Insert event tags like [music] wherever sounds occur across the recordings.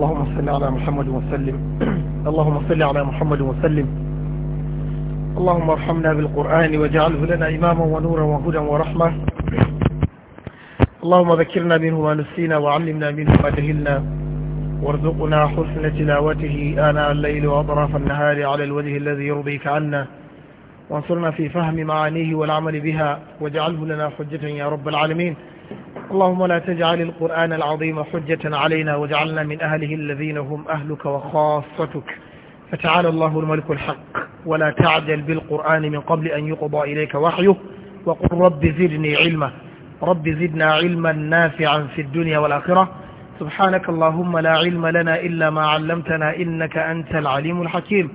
اللهم صل على محمد وسلم اللهم صل على محمد وسلم اللهم ارحمنا بالقرآن واجعله لنا إماما ونورا وهدى ورحمة اللهم ذكرنا منه ما نسينا وعلمنا منه ما جهلنا وارزقنا حسن تلاوته آناء الليل وأطراف النهار على الوجه الذي يرضيك عنا وانصرنا في فهم معانيه والعمل بها واجعله لنا حجة يا رب العالمين اللهم لا تجعل القرآن العظيم حجة علينا واجعلنا من أهله الذين هم أهلك وخاصتك فتعالى الله الملك الحق ولا تعجل بالقرآن من قبل أن يقضى إليك وحيه وقل رب زدني علما رب زدنا علما نافعا في الدنيا والآخرة سبحانك اللهم لا علم لنا إلا ما علمتنا إنك أنت العليم الحكيم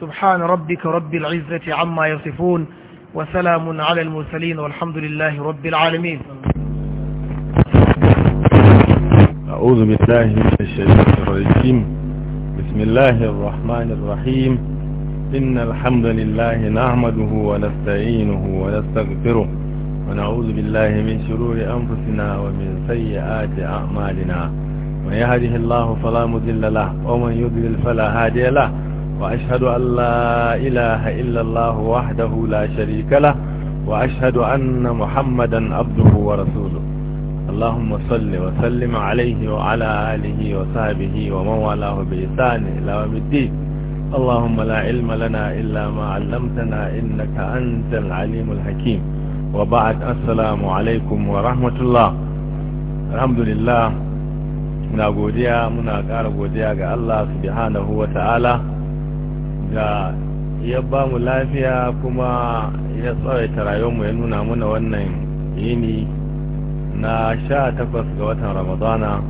سبحان ربك رب العزة عما يصفون وسلام على المرسلين والحمد لله رب العالمين أعوذ بالله من الشيطان الرجيم بسم الله الرحمن الرحيم إن الحمد لله نعمده ونستعينه ونستغفره ونعوذ بالله من شرور أنفسنا ومن سيئات أعمالنا من يهده الله فلا مضل له ومن يضلل فلا هادي له وأشهد أن لا إله إلا الله وحده لا شريك له وأشهد أن محمدا عبده ورسوله اللهم صل وسلم عليه وعلى آله وصحبه ومن والاه بإحسان إلى يوم الدين اللهم لا علم لنا إلا ما علمتنا إنك أنت العليم الحكيم وبعد السلام عليكم ورحمة الله الحمد لله muna godiya muna ƙara godiya ga Allah subhanahu wa ta'ala ga ya ba mu lafiya kuma ya tsawaita rayuwarmu ya nuna muna wannan yini na sha takwas ga watan ramadana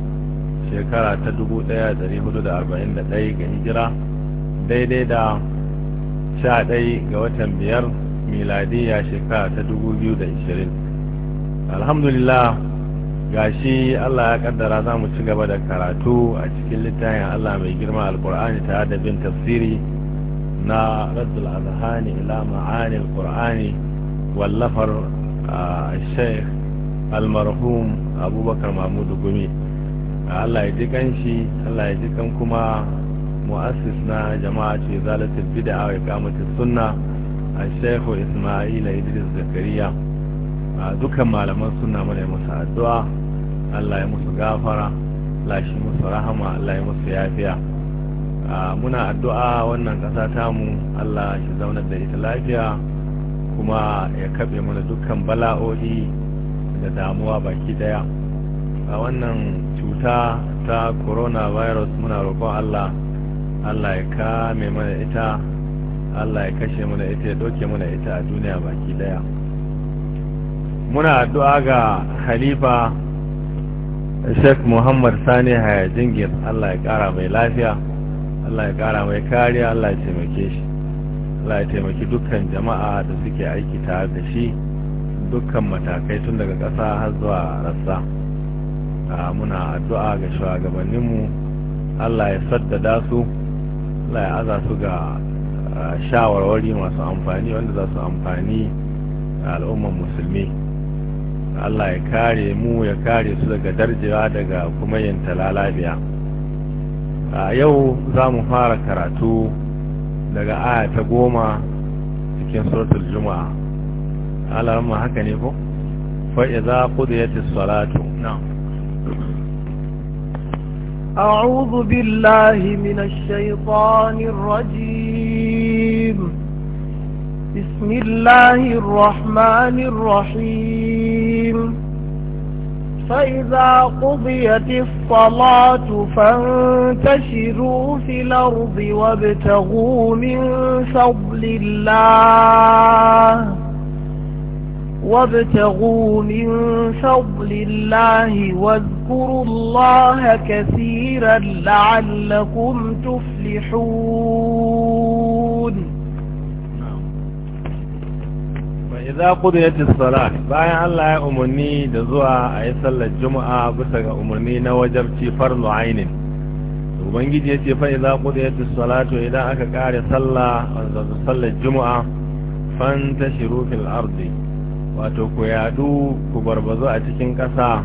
shekara ta 1441 ga hijira daidai da sha ɗai ga watan biyar miladiya shekara ta ishirin alhamdulillah gashi allah ya kaddara za mu ci gaba da karatu a cikin littafin allah mai girma alkur'ani tare da bin tafsiri na raddul azhani ila ma'ani alkur'ani wallafar الشيخ ah, almarhum abubakar mahmudu gumi allah ya ji kanshi allah ya ji kan kuma mu'assis na jama'a ce zalatul bid'a wa iqamatus sunna a isma'il idris zakariya dukkan malaman sunna mana musu addu'a allah ya musu gafara la shi musu rahama allah ya musu yafiya muna addu'a wannan ƙasa mu, allah shi zauna da ita lafiya kuma ya kaɓe mana dukkan bala'o'i da damuwa baki daya a wannan cuta ta coronavirus muna roƙon allah allah ya kame mana ita allah ya kashe mana ita ya ɗauke mana ita a duniya baki daya muna addu'a ga khalifa sheikh muhammad sani haya jingir allah ya ƙara mai lafiya allah ya ƙara mai kariya allah ya taimake shi Allah ya taimaki dukkan jama'a da suke aiki tare da shi dukkan matakai tun daga ƙasa har zuwa rassa muna addu'a ga shugabanninmu Allah ya saddada su Allah ya aza su ga shawarwari masu amfani wanda za su amfani al'ummar musulmi Allah ya kare mu ya kare su daga darjewa daga kuma yin talalabiya a yau za mu fara karatu daga aya ta goma cikin suratul juma'a ala ma haka ne ko fa idza qudiyatis salatu na'am a'udhu billahi minash shaitanir rajim bismillahir rahmanir rahim فإذا قضيت الصلاة فانتشروا في الأرض وابتغوا من فضل الله وابتغوا من فضل الله واذكروا الله كثيرا لعلكم تفلحون فإذا قضيت الصلاة باية الله أمني دزوء أيصل الجمعة بسك أمني نوجب فرض عين ومنجي جيتي فإذا قضيت الصلاة وإذا أكاري صلى وإذا صلى الجمعة فانتشروا في الأرض wato ku yadu ku barbazu a cikin ƙasa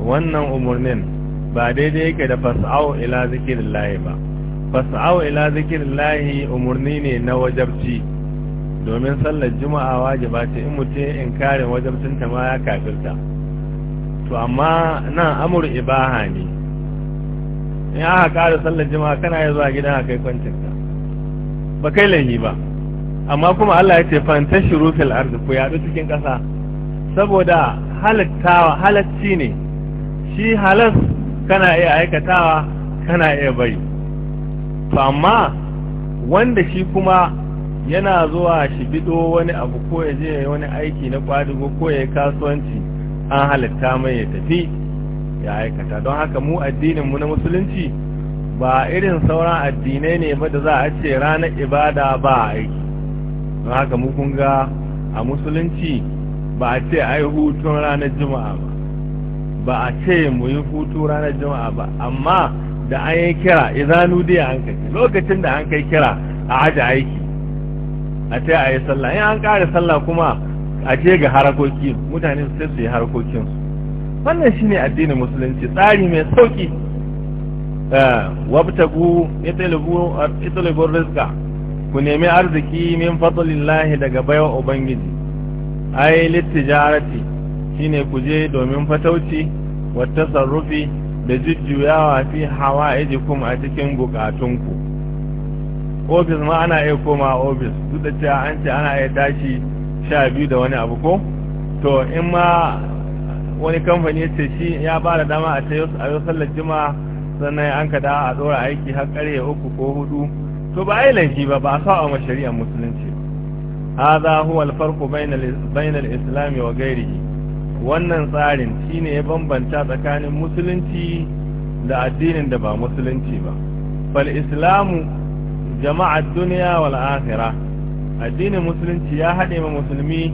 wannan umarnin ba daidai yake da fas'au ila zikirin ba fas'au ila zikirin umarni ne na wajabci domin sallar juma'a wajiba ce in mutum in kare wajabcinta ma ya kafirta to amma nan amur ibaha ne in aka kare sallar juma'a kana yi zuwa gidan a kai kwancinka ba kai laifi ba amma kuma Allah ya ce fanta fil ardi ku yaɗu cikin kasa saboda halittawa halacci ne shi halas kana iya aikatawa kana iya bari to amma wanda shi kuma yana zuwa shi bido wani abu ko ya je wani aiki na kwadugo ko ya kasuwanci an halitta mai ya tafi ya aikata don haka mu addinin mu na musulunci ba irin sauran addinai ne ba da za a ce ranar ibada ba aiki don haka mu ga a musulunci ba a ce ai hutun ranar juma'a ba ba a ce mu yi hutu ranar juma'a ba amma da an yi kira idanu dai an kai lokacin da an kai kira a aje aiki a ce a yi sallah in an kare sallah kuma a ce ga harakoki mutane su sai su yi harakokin wannan shine addinin musulunci tsari mai sauki eh, wabtagu italibu rizqa ku nemi arziki min fadlillahi daga baiwa ubangiji ai littijarati shine ku je domin fatauci wa tasarrufi da jujjuyawa fi hawaijikum a cikin ku. ofis ma ana iya koma ofis duk da cewa an ce ana iya tashi sha biyu da wani abu ko to in ma wani kamfani ya ce shi ya ba da dama a ce a yau sallar jima'a sannan an ka a tsora aiki har karye uku ko hudu to ba ai laifi ba ba sa a shari'ar musulunci hadha huwa al-farqu bayna al-islam wa ghayrihi wannan tsarin shine ya bambanta tsakanin musulunci da addinin da ba musulunci ba fal islamu jama'a duniya wal akhirah addinin musulunci ya haɗe ma musulmi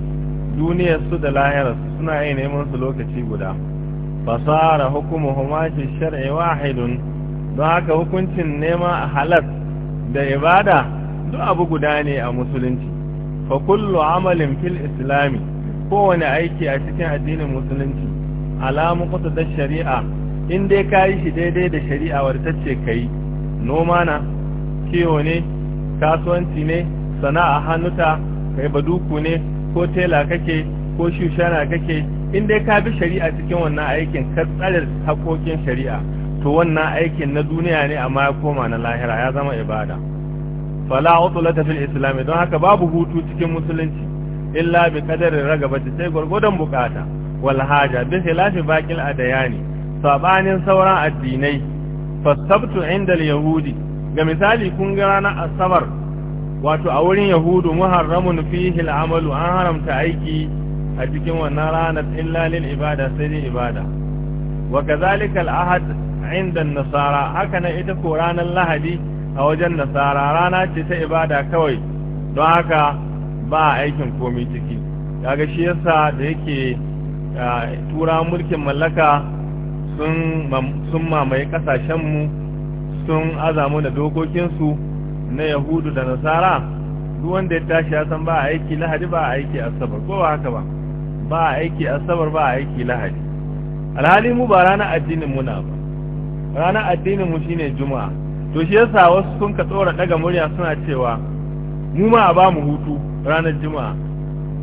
duniyar su da lahirar suna yin neman su lokaci guda fasara hukumu huma shar'i wahidun don haka hukuncin nema halal da ibada duk abu guda ne a musulunci fa kullu amalin fil islami kowane aiki a cikin addinin musulunci alamu kusa da shari'a in dai ka yi shi daidai da shari'a wadda ta ce ka yi noma na kiwo ne kasuwanci ne sana'a hannuta kai baduku ne ko tela kake ko shushana kake in dai ka bi shari'a cikin wannan aikin ka tsare haƙoƙin shari'a to wannan aikin na duniya ne amma ya koma na lahira ya zama ibada fala utulata fil islam don haka babu hutu cikin musulunci illa bi qadari ragabati sai gurgudan bukata wal haja bi khilafi baqil adayani sabanin sauran addinai fasabtu inda yahudi ga misali kun ga na asabar wato a wurin yahudu muharramun fihi al-amalu an haramta aiki a cikin wannan ranar illa lil ibada sai dai ibada wa kadhalika al-ahad inda nasara haka ita ko ranar lahadi a wajen nasara rana ce ta ibada kawai don haka ba aikin komai ciki kaga shi yasa da yake tura mulkin mallaka sun mamaye kasashenmu sun azamu da dokokinsu na yahudu da nasara duk wanda ya tashi ya san ba aiki lahadi ba aiki asabar ko ba haka ba ba aiki asabar ba aiki lahadi alhali mu ba ranar addinin muna ba ranar addinin mu shine juma'a to shi yasa wasu sun ka tsora daga murya suna cewa mu ma ba mu hutu ranar juma'a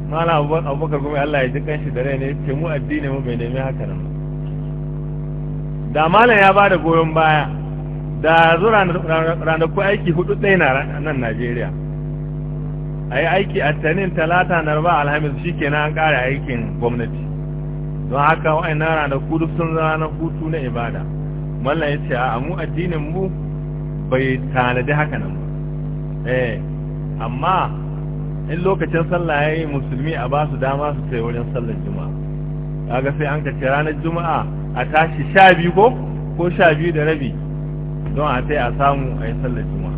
mala abubakar kuma Allah ya ji kanshi da rai ne ce mu addinin mu bai nemi haka nan da malam ya ba da goyon baya da ranar ku aiki hudu dai na nan Najeriya a yi aiki a tanin talata na raba alhamis shi kenan an ƙara aikin gwamnati don haka wa'annan ranar Kudu sun zana hutu na ibada mallan ya ce a mu addinin mu bai tanadi haka nan ba eh amma in lokacin sallah yayi musulmi a ba su dama su sai wurin sallar juma'a kaga sai an kace ranar juma'a a tashi 12 ko ko 12 da rabi don a sai a samu a yi sallar juma'a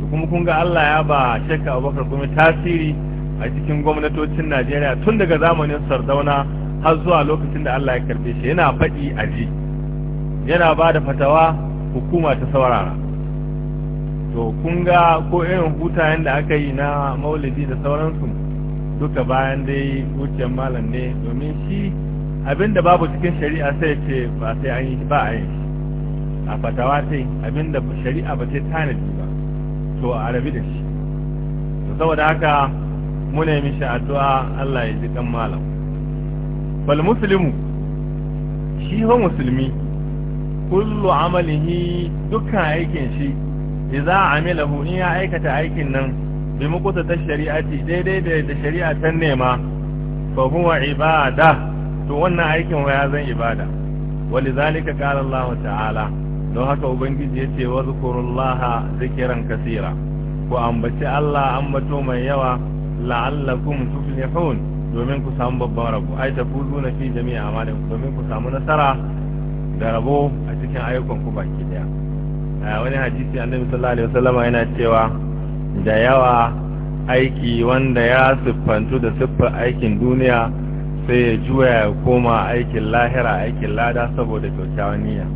to kuma kun ga Allah ya ba shekka Abubakar kuma tasiri a cikin gwamnatocin Najeriya tun daga zamanin Sardauna har zuwa lokacin da Allah ya karbe shi yana faɗi ji. yana ba da fatawa hukuma ta saurara to kun ga ko irin hutayen da aka yi na maulidi da sauransu duka bayan dai wuciyar malam ne domin shi abinda babu cikin shari'a sai ce ba sai an yi ba a yi a fatawa sai abinda shari'a ba sai tanadi ba to a rabi da shi to saboda haka muna yi mishi addu'a Allah ya ji kan malam fal muslimu shi ho musulmi kullu amalihi dukkan aikin shi idza amilahu in ya aikata aikin nan bi mukuta ta shari'ati daidai da da shari'a ta nema fa huwa ibada to wannan aikin wa ya zan ibada walizalika qala Allah ta'ala don haka ubangiji yace wazkurullaha zikran kaseera ku ambaci Allah ambato mai yawa la'allakum tuflihun domin ku samu babban rabo ai tafuzuna fi jami'a amalikum domin ku samu nasara da rabo cikin ayyukan ku baki daya wani hadisi annabi sallallahu alaihi wasallam yana cewa da yawa aiki wanda ya siffantu da siffa aikin duniya sai ya juya ya koma aikin lahira aikin lada saboda kyakkyawan niyya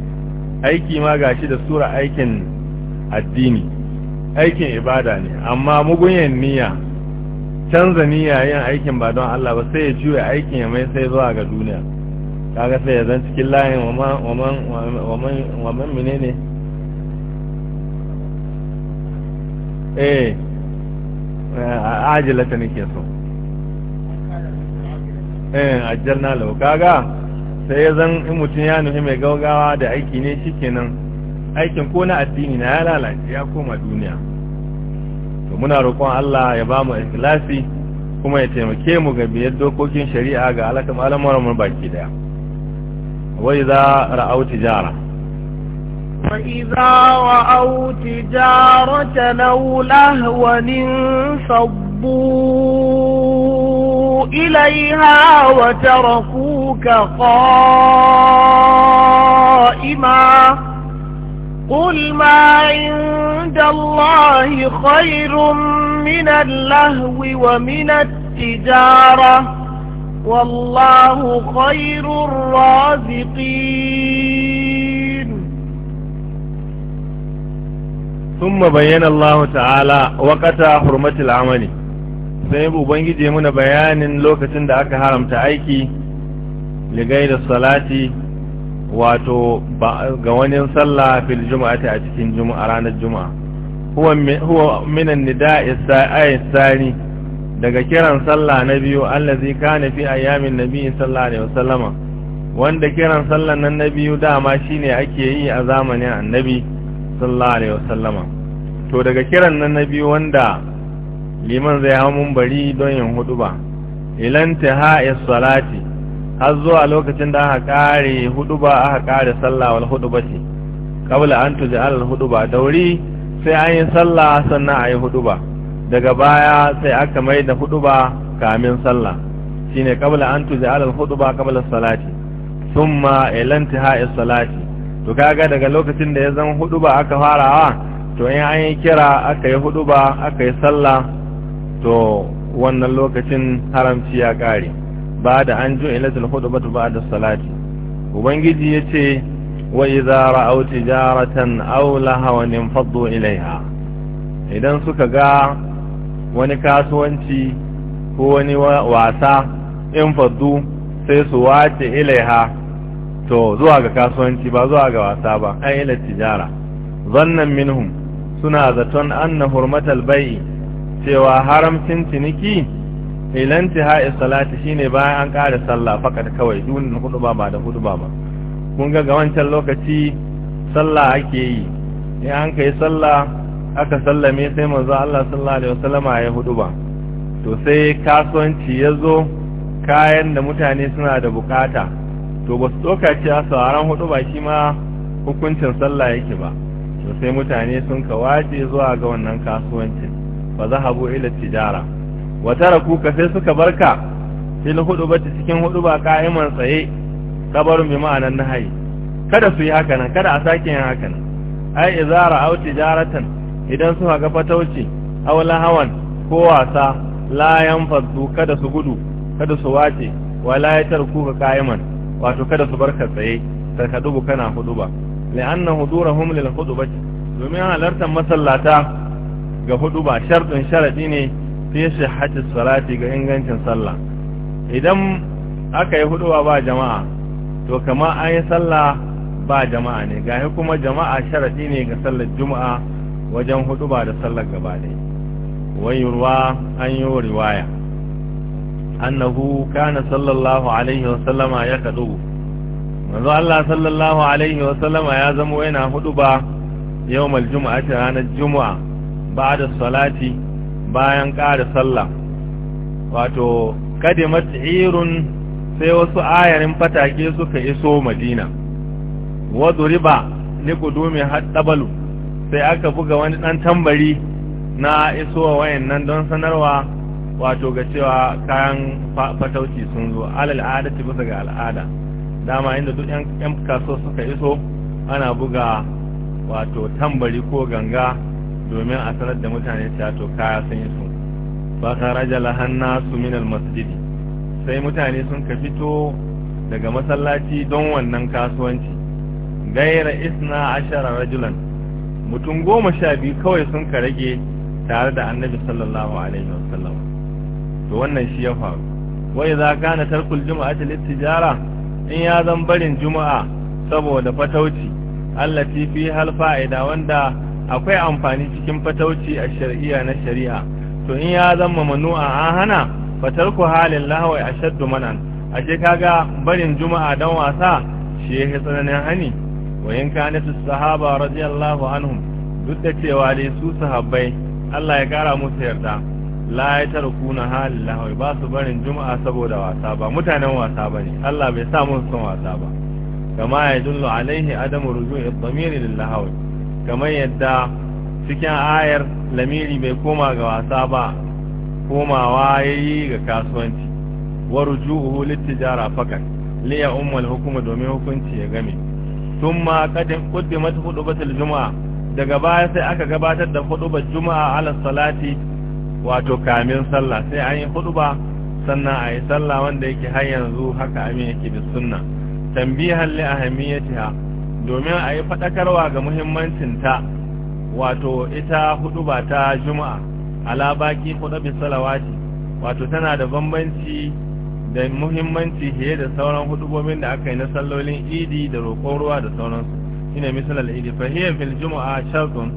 aiki ma gashi da sura aikin addini aikin ibada ne amma mugunyan niyya canza niyya yin aikin ba don Allah ba sai ya juya aikin ya mai sai zuwa ga duniya kaga sai ya zan cikin layin waman mine ne eh a ajilata nake so eh ajiyar na lau kaga sai ya zan in mutum ya nufi mai gaugawa da aiki ne shi kenan aikin ko na addini na ya lalace ya koma duniya to muna roƙon Allah ya ba mu ikilasi kuma ya taimake mu ga biyar dokokin shari'a ga alakan mu baki daya وإذا رأوا تجارة وإذا رأوا تجارة لو لهوا انفضوا إليها وتركوك قائما قل ما عند الله خير من اللهو ومن التجارة والله خير الرازقين ثم bayyana الله Ta'ala وقت حرمة العمل sai ubangiji muna bayanin lokacin da aka haramta aiki ligai salati wato ga wani sallah fil juma'ati a cikin juma'a ranar juma'a huwa minan nida'i sa'ai daga kiran sallah na biyu Allah zai kana fi ayyamin nabi sallallahu alaihi wasallama wanda kiran sallan nan na biyu dama shine ake yi a zamanin annabi sallallahu alaihi wasallama to daga kiran nan na biyu wanda liman zai hawo bari don yin huduba ilan taha'is salati har zuwa lokacin da aka kare huduba aka kare sallah wal ce. Kabla an tuj'al al huduba dauri sai an yi sallah sannan ayi ba. daga baya sai aka mai da huduba kamin sallah shine kabla an tuj'al al huduba kabla salati thumma ila intihai salati to kaga daga lokacin da ya zama hudu ba aka farawa to in an kira aka yi ba aka yi sallah to wannan lokacin haramci ya kare ba da an ju ilatul hudubatu ba da salati ubangiji yace wa idza ra'aw tijaratan aw lahawan faddu ilaiha idan suka ga wani kasuwanci ko wani wasa in faddu sai su wace ilaiha to zuwa ga kasuwanci ba zuwa ga wasa ba an ila tijara zannan minhum suna zaton anna hurmatal bai'i cewa haramcin ciniki ilan tihai salati shine bayan an kare sallah fakat kawai dunin hudu ba da hudu ba kun ga ga wancan lokaci sallah ake yi in an kai sallah aka sallame sai manzo Allah sallallahu alaihi wasallama ya hudu ba to sai kasuwanci ya zo kayan da mutane suna da bukata to ba su tsoka ce a sauran hudu ba shi ma hukuncin sallah yake ba to sai mutane sun kawace zuwa ga wannan kasuwancin fa zahabu ila tijara wa taraku ka sai suka barka fil hudu ba cikin hudu ba ka'iman tsaye kabarun bi ma'anan nahayi kada su yi haka nan kada a sake yin haka nan ai izara au tijaratan idan suka ga fatauci aw hawan ko wasa la fadu kada su gudu kada su wace wala ka qa'iman wato kada su barka tsaye ka dubu kana huduba la'anna hudurahum lil hudubat domin halartar masallata ga ba shartun sharadi ne fi sihhati salati ga ingancin sallah idan aka yi huduba ba jama'a to kama an yi sallah ba jama'a ne gahi kuma jama'a sharadi ne ga sallar juma'a wajen hudu ba da sallar gaba ɗaya yurwa an yi wa riwaya annahu kana sallallahu alaihi wa sallama ya kadu manzo Allah sallallahu alaihi wa sallama ya zama yana hudu ba yawmal juma'a ranar juma'a ba'da salati bayan ƙara sallah wato kadimat mat'irun sai wasu ayarin fatake suka iso madina waduriba liqudumi haddabalu sai aka buga wani ɗan tambari na isowa wayannan don sanarwa wato ga cewa kayan fatauci sun zo alal adati bisa ga al'ada dama inda duk yan kaso suka iso ana buga wato tambari ko ganga domin a sanar da mutane cewa to kaya sun iso fa Raja Lahanna su min al sai mutane sun ka fito daga masallaci don wannan kasuwanci gaira isna ashara rajulan mutum goma sha biyu kawai sun ka rage tare da annabi sallallahu alaihi wasallam to wannan shi ya faru wai za ka na tarkul ta littijara in ya zan barin juma'a saboda fatauci Allah ti fi hal fa'ida wanda akwai amfani cikin fatauci a shari'a na shari'a to in ya zan mamnu'a an hana fatarku halin lahawai shaddu manan ashe kaga barin juma'a don wasa shi ya tsananin hani wayin kanatu sahaba radiyallahu anhum duk da cewa dai su sahabbai Allah ya kara musu yarda la ya tarkuna halin lahawai ba su barin juma'a saboda wasa ba mutanen wasa ba ne Allah bai sa musu son wasa ba kama ya dullu alaihi adamu ruju'i dhamiri lahawai yadda cikin ayar lamiri bai koma ga wasa ba komawa yayi ga kasuwanci wa ruju'uhu lit tijara fakat ummul hukuma domin hukunci ya game thumma qaddimat hudubatul juma'a daga baya sai aka gabatar da hudubar juma'a ala salati wato kamin sallah sai an yi huduba sannan ayi sallah wanda yake har yanzu haka amin yake da sunna tambihan li ahamiyatiha domin a yi fadakarwa ga muhimmancin ta wato ita huduba ta juma'a ala baki salawati wato tana da bambanci da muhimmanci fiye da sauran hudubobin da aka yi na sallolin idi da roƙon ruwa da sauransu shine misalar idi fa hiya fil jumu'a shartun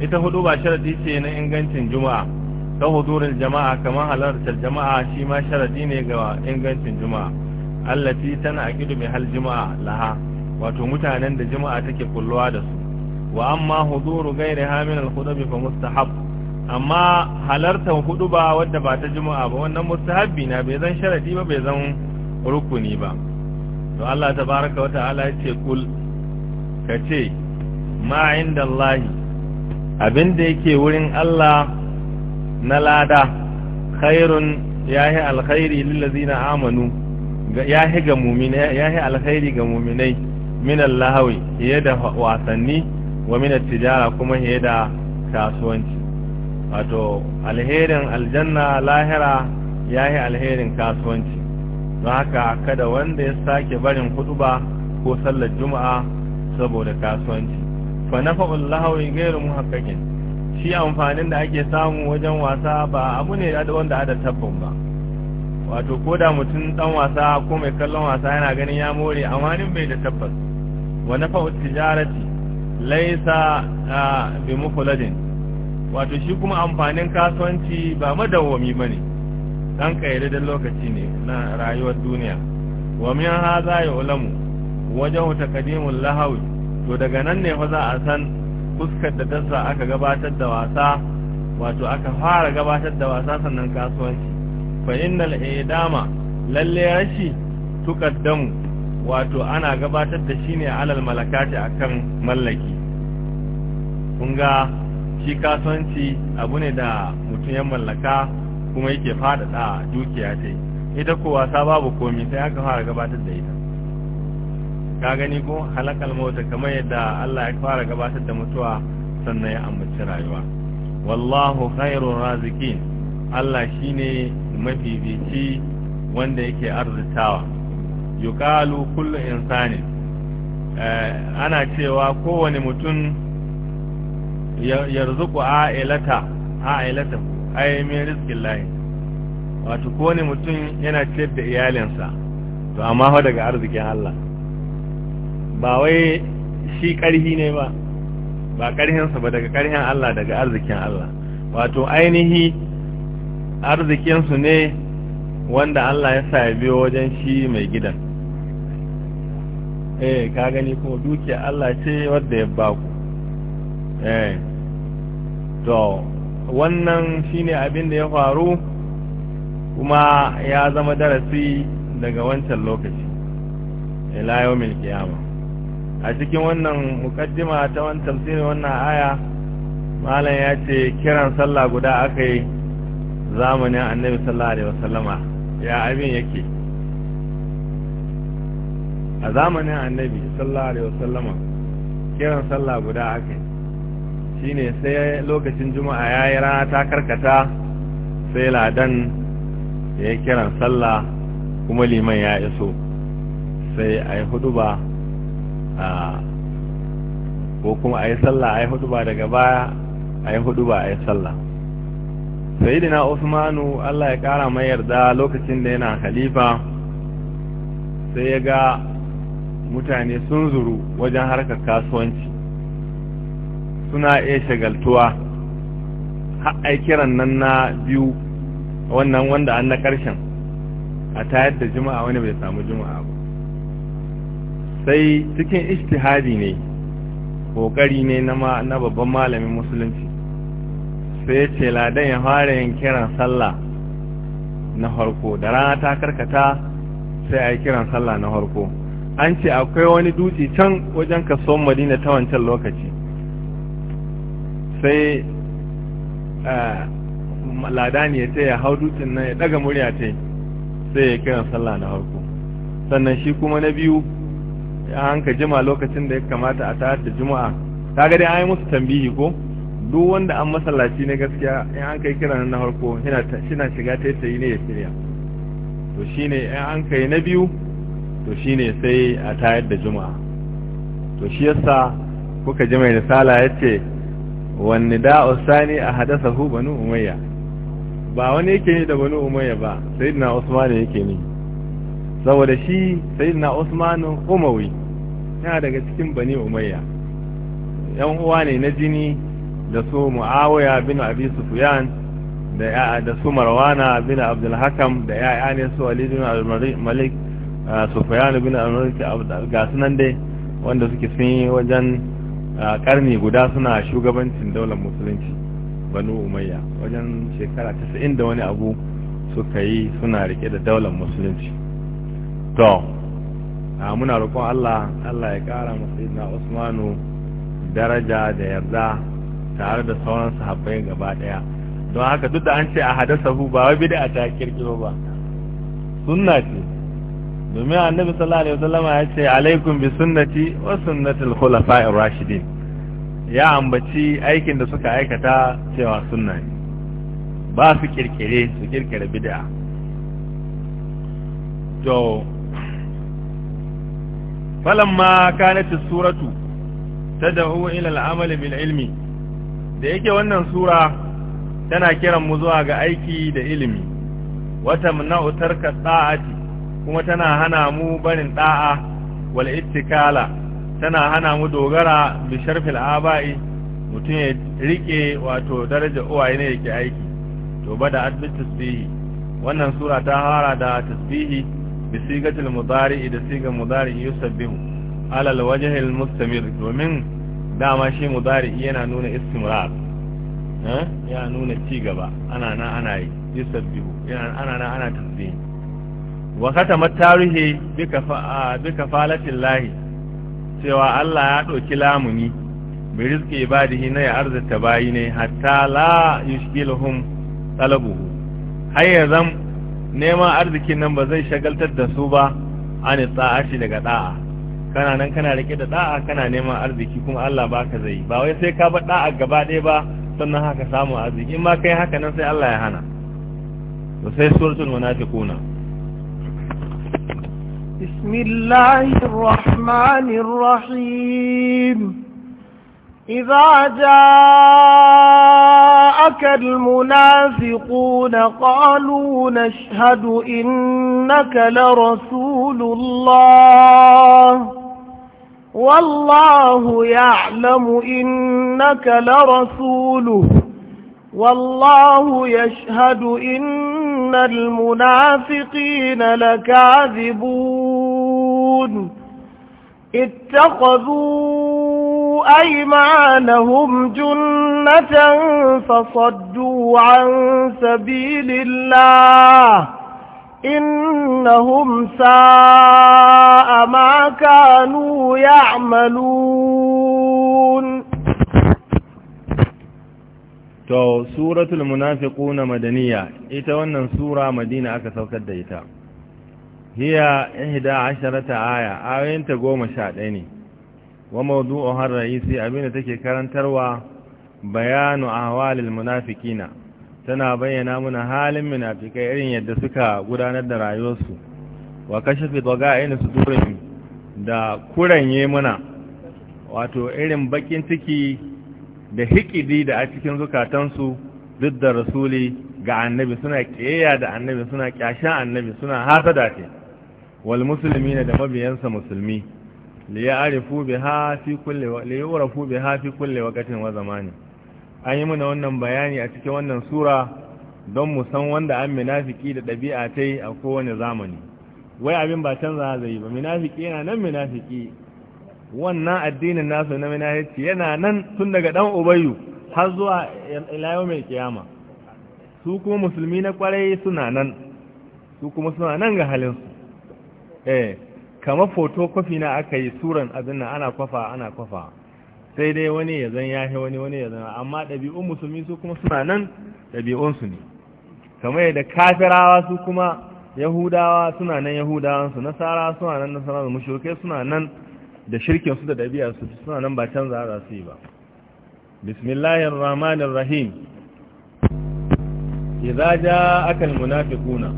ita huduba sharadi ce na ingancin juma'a ta hudurin jama'a kamar halartar jama'a shi ma sharadi ne ga ingancin juma'a allati tana aqidu bi hal juma'a laha wato mutanen da juma'a take kulluwa da su wa amma huduru ghairiha haminal al fa mustahab amma halartar hudu ba wadda ba ta juma'a ba wannan mustahabbi na bai zan sharadi ba bai zan rukuni ba to Allah tabaraka wata'ala ya ce kul ka ce ma inda Allah abinda yake wurin Allah na lada khairun yahi alkhairi lillazina amanu yahi ga mu'mina yahi alkhairi ga mu'minai min lahawi yada wasanni wa min tijara kuma yada kasuwanci wato alherin aljanna lahira ya yi alherin kasuwanci don haka kada wanda ya sake barin ba ko sallar juma'a saboda kasuwanci fa nafa'ul lahawi mu muhaqqaqin shi amfanin da ake samu wajen wasa ba abu ne da wanda ada tabbun ba wato ko da mutum ɗan wasa ko mai kallon wasa yana ganin ya more ni bai da tabbas wa nafa'ut tijarati laysa bi mufladin wato shi kuma amfanin kasuwanci ba madawwami bane dan kayyadaden lokaci ne na rayuwar duniya wa min hadha ya ulamu wajen taqdimul lahawi to daga nan ne fa za a san fuskar da dasa aka gabatar da wasa wato aka fara gabatar da wasa sannan kasuwanci fa innal idama lalle rashi tuqaddamu wato ana gabatar da shi ne alal malakati akan mallaki kun ga shi kasuwanci abu ne da mutum ya mallaka kuma yake faɗaɗa dukiya ce ita ko wasa babu komi sai aka fara gabatar da ita ka gani ko halakal mota kamar yadda Allah ya fara gabatar da mutuwa sannan ya ambaci rayuwa wallahu khairur razikin Allah shine mafi bici wanda yake arzitawa yuqalu kullu insani eh, ana cewa kowane mutum yarzuku a'ilata a'ilata ai min rizqin lahi wato ko ne mutum yana ciyar da iyalinsa to amma fa daga arzikin Allah ba wai shi karhi ne ba ba karhinsa ba daga karhin Allah daga arzikin Allah wato ainihi arzikinsu ne wanda Allah ya sa biyo wajen shi mai gidan eh ka gani kuma dukiya Allah ce wadda ya baku eh to wannan shine abin da ya faru kuma ya zama darasi daga wancan lokaci ila yawmil qiyama a cikin wannan mukaddima ta wancan tsini wannan aya malam ya ce kiran sallah guda aka yi zamanin annabi sallallahu alaihi wasallama ya abin yake a zamanin annabi sallallahu alaihi wasallama kiran sallah guda aka yi shine sai lokacin juma'a ya yi rana ta karkata sai ladan ya yi kiran sallah kuma liman ya iso sai a yi a ko kuma a yi sallah a yi huduba daga baya a yi huduba a yi sallah sayidina usmanu allah ya kara mai yarda lokacin da yana khalifa sai ya ga mutane sun zuru wajen harkar kasuwanci suna iya shagaltuwa ai kiran nan na biyu wannan wanda an na ƙarshen a tayar da juma'a wani bai samu juma'a ba sai cikin ishtihadi ne ƙoƙari ne na babban malamin musulunci sai ce ladan ya fara yin kiran sallah na harko da rana ta karkata sai a yi kiran sallah na harko an ce akwai wani dutse can wajen kasuwan madina ta wancan lokaci sai ladani ya ce ya hau dutsen nan ya daga murya ta sai ya kiran sallah na harko sannan shi kuma na biyu ya hanka jima lokacin da ya kamata a tayar da juma'a ta gade an yi musu tambihi ko duk wanda an masallaci ne gaskiya ya hanka kai kiran na harko shina shiga ta yi ne ya shirya to shine ya hanka kai na biyu to shine sai a tayar da juma'a to shi yasa kuka ji mai ya ce. wani da'o sani a hadasa hu banu umayya ba wani yake ne da banu umayya ba sayyidina usman yake ne saboda shi sayyidina usman umawi yana daga cikin bani umayya yan uwa ne na jini da su muawiya bin abi sufyan da da su marwana bin abdul hakam da ya'ya ne su ali bin malik uh, sufyan bin al-malik ga sunan dai wanda suke sun yi wajen karni guda suna shugabancin daular musulunci banu umayya wajen shekara 90 da wani abu suka yi suna rike da daular musulunci to A muna roƙon Allah Allah ya ƙara musulina Usmanu daraja da yarda tare da sauran sahabbai gaba daya don haka duk da an ce a hadasahu ba wai bid'a ta kirkiro ba sunna ce domin annabi sallallahu alaihi wasallam ya ce alaikum bi sunnati wa sunnatil khulafa'ir rashidin ya ambaci aikin da suka aikata cewa sunna ne ba su kirkire su kirkire bid'a to falamma kanat suratu tad'u ila al-amali bil ilmi da yake wannan sura tana kiran mu zuwa ga aiki da ilimi wata mana utarka sa'ati kuma tana hana mu barin da'a wal ittikala tana hana mu dogara bi sharfil aba'i mutum ya rike wato daraja uwaye ne yake aiki to bada adbit tasbihi wannan sura ta hara da tasbihi bi sigatil mudari da sigar mudari yusabbihu alal al mustamir domin dama shi mudari yana nuna istimrar eh, ya nuna ci gaba ana na ana yi yusabbihu ana na ana tasbihi wa khatama tarihi bi lahi cewa Allah ya ɗauki lamuni bi rizqi ibadihi na ya arzata bayi ne hatta la yushkiluhum talabuhu har ya zam neman arzikin nan ba zai shagaltar da su ba an tsa'ashi daga da'a kana nan kana rike da da'a kana neman arziki kuma Allah ba ka zai ba wai sai ka ba da'a gaba ɗaya ba sannan haka samu arziki in ma kai haka nan sai Allah ya hana to sai suratul munafiquna بسم الله الرحمن الرحيم إذا جاءك المنافقون قالوا نشهد إنك لرسول الله والله يعلم إنك لرسوله والله يشهد إن المنافقين لكاذبون اتخذوا أيمانهم جنة فصدوا عن سبيل الله إنهم ساء ما كانوا يعملون to suratul munafiquna madaniya ita wannan sura madina aka saukar da ita hiya ihda asharata aya ayoyinta goma sha ɗaya ne wa mawdu'u har ra'isi abinda take karantarwa bayanu ahwalil munafiqina tana bayyana mana halin munafikai irin yadda suka gudanar da rayuwarsu wa kashafi daga'in sudurihim da kuranye muna wato irin bakin ciki da hikidi da a cikin zukatansu duk da rasuli ga annabi suna ƙeya da annabi suna kyashin annabi suna da ce wal muslimina da mabiyansa musulmi li ya'rifu biha fi kulli li yu'rafu wa zamani an yi mana wannan bayani a cikin wannan sura don mu san wanda an munafiki da dabi'a tai a kowane zamani wai abin ba canza zai ba munafiki yana nan munafiki wannan addinin nasu na minahici yana nan tun daga dan ubayu, har zuwa ilayo mai kiyama su kuma musulmi na kwarai suna nan su kuma suna nan ga halinsu eh kama fotokofi na aka yi suran abin ana kwafa ana kwafa sai dai wani ya zan yahe wani wani ya zan amma ɗabi'un musulmi su kuma suna nan ɗabi'unsu ne kamar yadda kafirawa su kuma yahudawa suna nan yahudawansu nasara suna nan nasara mushrikai suna nan da shirkin su da dabi'a su suna nan ba canza za su yi ba bismillahir rahmanir rahim idza jaa akal munafiquna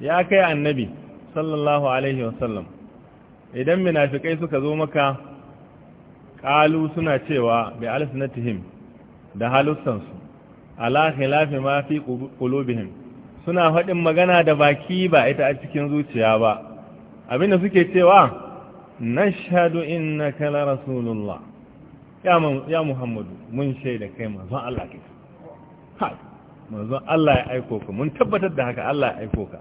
ya kai annabi sallallahu alaihi wasallam idan munafikai suka zo maka qalu suna cewa bi alsinatihim da su ala khilafi ma fi qulubihim suna faɗin magana da baki ba ita a cikin zuciya ba abinda suke cewa نشهد إنك لرسول الله يا محمد من شيء كما ظن الله كيف Allah ya mun tabbatar da haka Allah ya aiko ka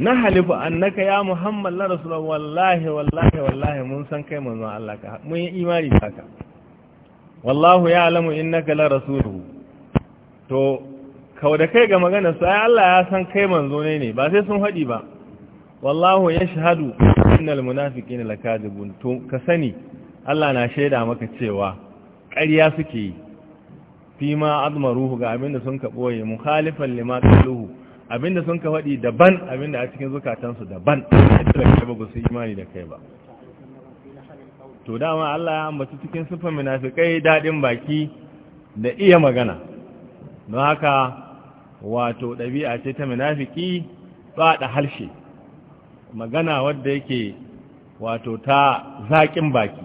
na halifu annaka ya Muhammad la rasulullah wallahi wallahi wallahi mun san kai manzon Allah ka mun yi imani da haka wallahu ya'lamu innaka la rasuluhu to da kai ga magana sai Allah ya san kai manzo ne ne ba sai sun haɗi ba wallahu ya yashhadu innal munafiqina lakadibun to ka sani Allah na shaida maka cewa ƙarya suke yi fi ma azmaruhu ga abinda sun ka boye mukhalifan lima qaluhu abinda sun ka faɗi daban abinda a cikin zukatansu daban da kai ba su imani da kai ba to dama Allah ya ambaci cikin sifan munafikai dadin baki da iya magana don haka wato dabi'a ce ta munafiki ba da harshe magana wadda yake wato ta zaƙin baki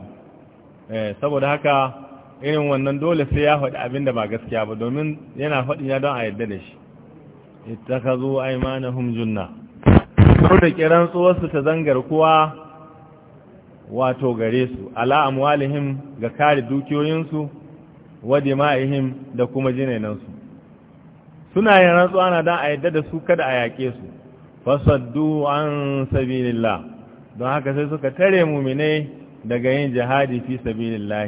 eh, saboda haka irin wannan dole sai ya faɗi abinda ba gaskiya ba domin yana faɗi ya don a yadda da shi ita ka zo aimanahum junna ko da kiran tsuwarsu ta zangar kuwa wato gare su ala amwalihim ga kare dukiyoyinsu wa dima'ihim da kuma jinainansu suna yin rantsuwa na don a yadda da su kada a yaƙe su fasaddu an sabilillah don haka sai suka tare mumine daga yin jihadi fi sabilillah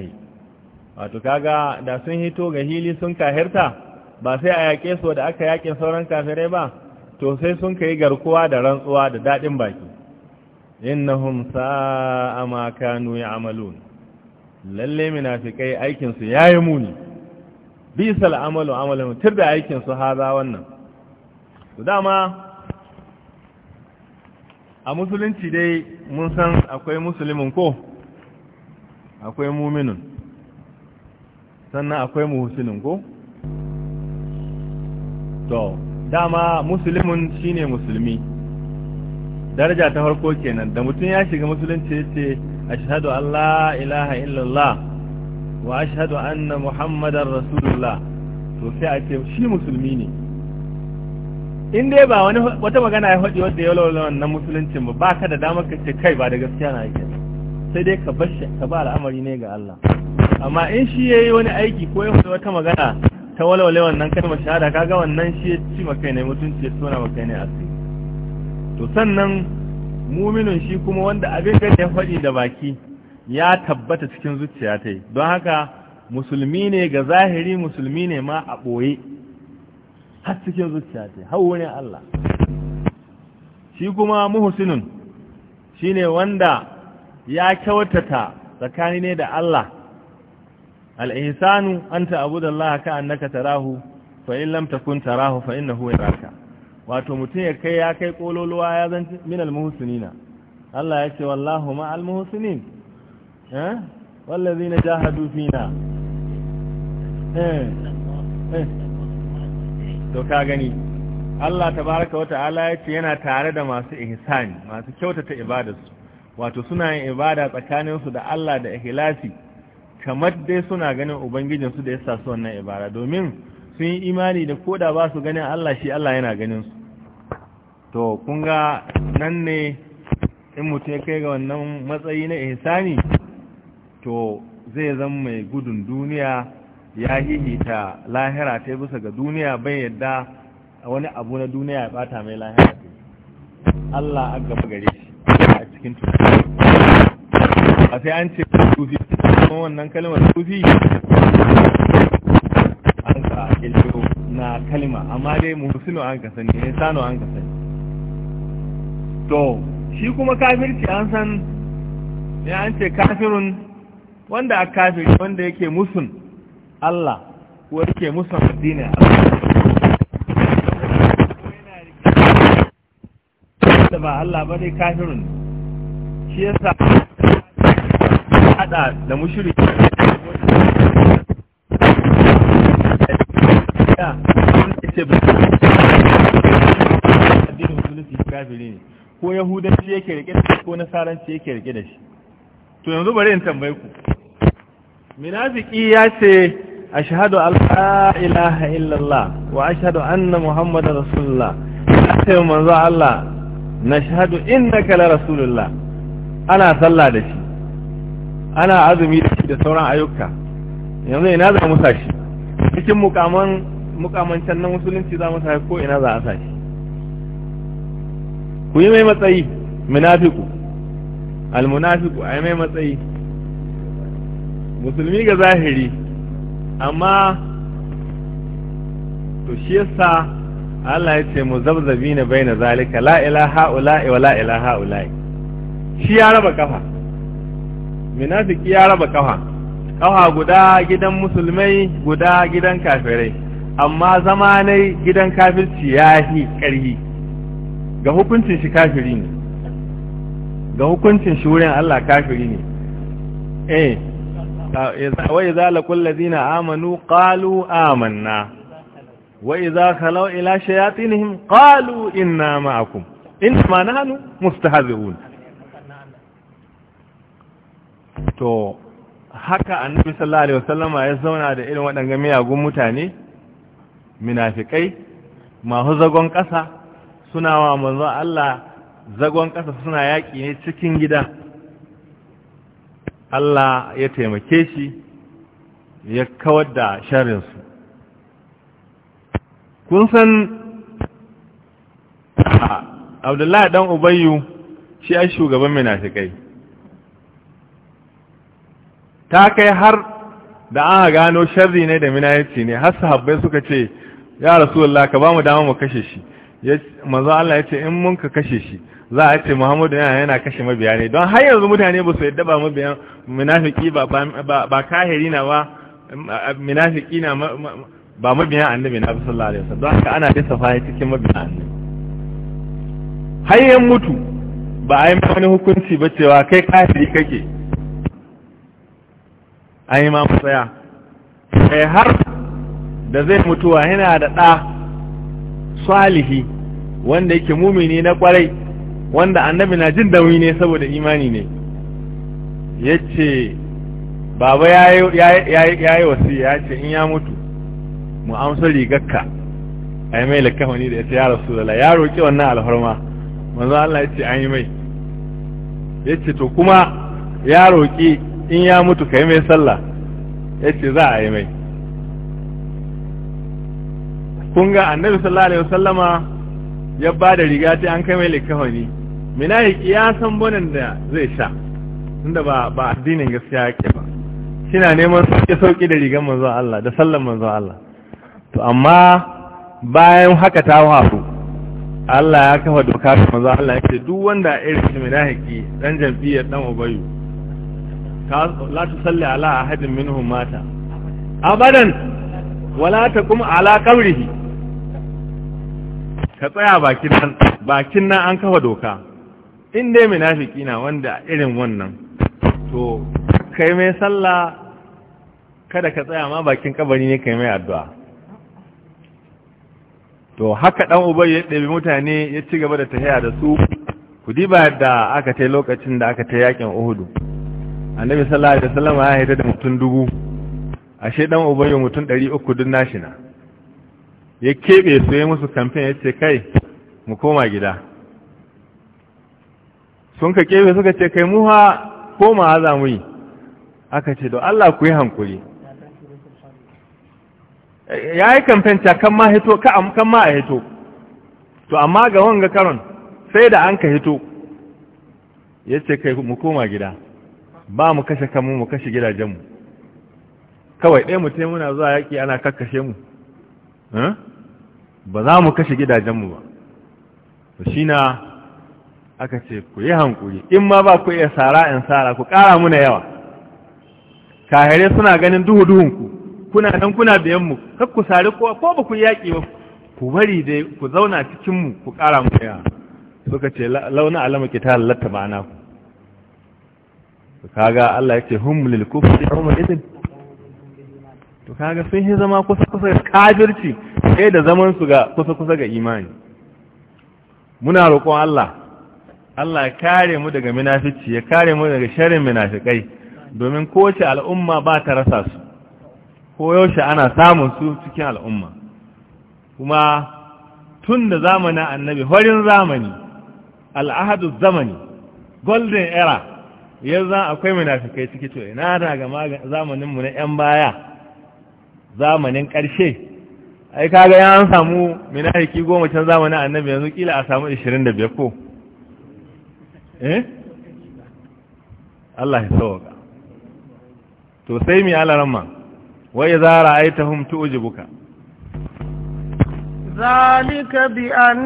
wato kaga da sun hito ga hili sun kahirta ba sai a yaƙe su da aka yaƙin sauran kafirai ba to sai sun kai garkuwa da rantsuwa da daɗin baki innahum sa'a ma kanu ya'malun lalle munafikai aikin su yayi muni bisal amalu amalan tirda aikin su haza wannan dama a musulunci dai mun san akwai musulmin ko akwai muminin sannan akwai muhusinin ko to dama musulmin shine musulmi daraja ta farko kenan da mutum ya shiga musulunci ce ashhadu Allah ilaha illallah wa ashhadu anna muhammadar rasulullah to sai a ce shi musulmi ne in dai ba wani wata magana ya haɗi wadda ya walwala wannan musuluncin ba ba ka da damar ka ce kai ba da gaskiya na yake sai dai ka bar ka ba al'amari ne ga Allah amma in shi ya yi wani aiki ko ya haɗi wata magana ta walwale wannan kalmar shahada ka ga wannan shi ya ci maka ne mutunci ya tona maka ne a sai to sannan muminin shi kuma wanda abin da ya haɗi da baki ya tabbata cikin zuciya ta yi don haka musulmi ne ga zahiri musulmi ne ma a ɓoye har cikin zuciya ce har wurin Allah shi kuma muhsinun shine wanda ya kyautata tsakani ne da Allah al-ihsanu anta Allah ka annaka tarahu fa in lam takun tarahu fa innahu yaraka wato mutum ya kai ya kai kololuwa ya zan min al-muhsinina Allah ya ce wallahu ma al-muhsinin eh wallazina jahadu fina eh eh to ka gani Allah tabaraka wa ta'ala ya ce yana tare da masu ihsani masu kyautata ibadarsu wato suna yin ibada tsakaninsu da Allah da ihlasi kamar dai suna ganin ubangijinsu da ya sa su wannan ibada domin sun yi imani da koda ba su ganin Allah shi Allah yana ganin su to kun ga nan ne in mutum ya kai ga wannan matsayi na ihsani to zai zama mai gudun duniya ya hihita lahira ta yi bisa ga duniya bai yadda wani abu na duniya ya bata mai lahira ta Allah a gaba gare shi a cikin tufi a sai an ce tufi kuma wannan kalmar tufi an ka iliro na kalima. amma dai mu sino an ka sani ne sano an ka sani to shi kuma kafirci an san ya an ce kafirun wanda a kafiri wanda yake musun Allah ko yake musa addini Allah da ba Allah ba ne kafirun shi yasa hada da mushriki ya ce ba addinin musulunci kafiri ne ko yahudanci yake rike da shi ko nasaranci yake rike da shi to yanzu bari in tambaye ku munafiki ya ce a shahadu la ilaha illallah wa ashhadu anna muhammadar rasulullah ya ce manzo Allah na shahadu inda kala rasulullah ana sallah da shi ana azumi da shi da sauran ayyuka yanzu ina za mu sashi cikin mukamman can na musulunci za mu sashi ko ina za a sashi ku yi mai matsayi munafiku almunafiku a yi mai matsayi musulmi ga zahiri amma to shi yasa Allah ya ce mu zabzabi na bai na zalika la'ila ilaha ula'i wa la'ila ilaha shi ya raba kafa minafiki ya raba kafa kafa guda gidan musulmai guda gidan kafirai amma zama gidan kafirci ya yi ƙarhi ga hukuncin shi kafiri ne ga hukuncin shi wurin Allah kafiri ne eh wai za la kullazina amanu qalu amanna wa idza khalaw ila shayatinihim qalu inna ma'akum inma nahnu mustahzi'un to haka annabi sallallahu alaihi wasallama ya zauna da irin waɗannan miyagun mutane munafikai masu zagon ƙasa suna wa manzon Allah zagon ƙasa suna yaƙi ne cikin gida Allah ya taimake shi ya kawar da sharinsu kun san abdullahi dan ubayyu shi a shugaban munafikai ta kai har da aka gano sharri ne da minayaci ne har sahabbai suka ce ya rasulullah ka ba mu dama mu kashe shi manzo Allah ya ce in mun ka kashe shi za a ce Muhammadu yana yana kashe mabiya ne don har yanzu mutane ba su yadda ba mabiyan munafiki ba ba kahiri na ba munafiki na ba mabiyan annabi na sallallahu alaihi wasallam don haka ana dasa fayi cikin mabiyan annabi har yan mutu ba a yi wani hukunci ba cewa kai kahiri kake a yi ma matsaya kai har da zai mutuwa yana da ɗa salihi wanda yake mumini na kwarai wanda annabi na jin dawi ne saboda imani ne yace baba ya yi wasiya ya ce in ya mutu mu amsa rigarka a yi mai lakafani da ita ya rasu da ya roƙi wannan alfarma manzo Allah ya ce an yi mai ya ce to kuma ya roƙi in ya mutu ka yi mai sallah ya ce za a yi mai kun ga annabi sallallahu alaihi wasallama ya ba da riga ta an kai mai likafani mina ya san bonan da zai sha tunda ba ba addinin gaskiya yake ba shina neman sauke sauki da rigar manzon Allah da sallan manzon Allah to amma bayan haka ta hafu Allah ya kafa doka ta manzon Allah yake duk wanda irin minahiki dan jam'iyyar dan ubayu ka la salli ala ahadin minhum mata abadan wala ta kuma ala qabrihi ka tsaya bakin nan bakin nan an kafa doka in dai munafiki na wanda irin wannan to kai mai sallah kada ka tsaya ma bakin kabari ne kai mai addu'a to haka dan ubai ya ɗabi mutane ya ci gaba da tahiya da su ku diba da aka tai lokacin da aka tai yakin Uhudu annabi sallallahu alaihi wasallam ya haita da mutum dubu ashe dan ubai mutum 300 dun nashi na ya keɓe su ya musu kamfen ya ce kai mu koma gida sun ka keɓe suka ce kai muha koma za mu yi aka ce da Allah ku yi hankuri ya yi kamfen ta kan ma hito kan ma a hito to amma ga wanga karon sai da an ka hito ya ce kai mu koma gida ba mu kashe kanmu mu kashe gidajenmu kawai ɗaya mu muna zuwa yaƙi ana kakkashe mu Eh? ba za mu kashe gidajenmu ba shi na aka ce ku yi hankuri in ma ba ku iya sara in sara ku ƙara muna yawa kahere suna ganin duhu-duhunku kuna nan kuna biyanmu kar ku sari ko ba ku yaƙi ba ku bari dai ku zauna cikinmu ku ƙara muna yawa suka ce launa alama ke ta ba na ku kaga Allah ya ce to kaga sun yi zama kusa-kusa ga kafirci sai da zaman su ga kusa-kusa ga imani muna roƙon Allah Allah ya kare mu daga munafici ya kare mu daga sharrin munafikai domin kowace al'umma ba ta rasa su ko yaushe ana samun su cikin al'umma kuma tun da zamanin annabi horin zamani al'ahadu zamani golden era yanzu akwai munafikai ciki to ina daga zamaninmu na 'yan baya zamanin ƙarshe ai kaga ya an samu minahiki goma can zamanin annabi yanzu kila a samu 25 ko eh Allah ya sauka to sai mi alaramma wa idza ra'aytahum tu'jibuka zalika bi an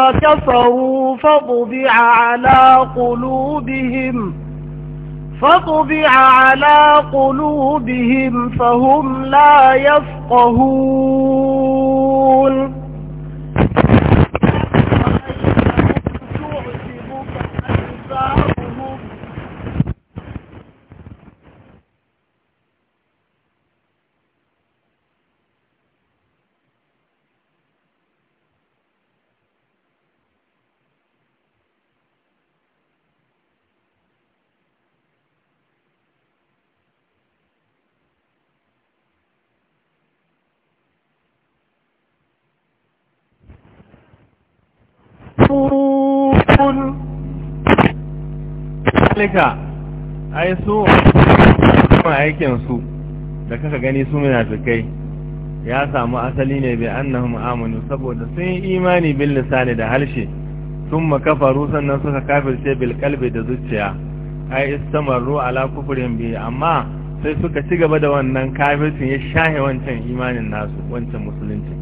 ما كفروا فضبع على قلوبهم فطبع على قلوبهم فهم لا يفقهون zalika ai su kuma aikin su da kaka gani su munafikai ya samu asali ne bi annahum amanu saboda sun yi imani bil lisani da halshe sun kafaru sannan suka kafirce bil qalbi da zuciya ai istamaru ala kufrin bi amma sai suka ci gaba da wannan kafircin ya shahe wancan imanin nasu wancan musulunci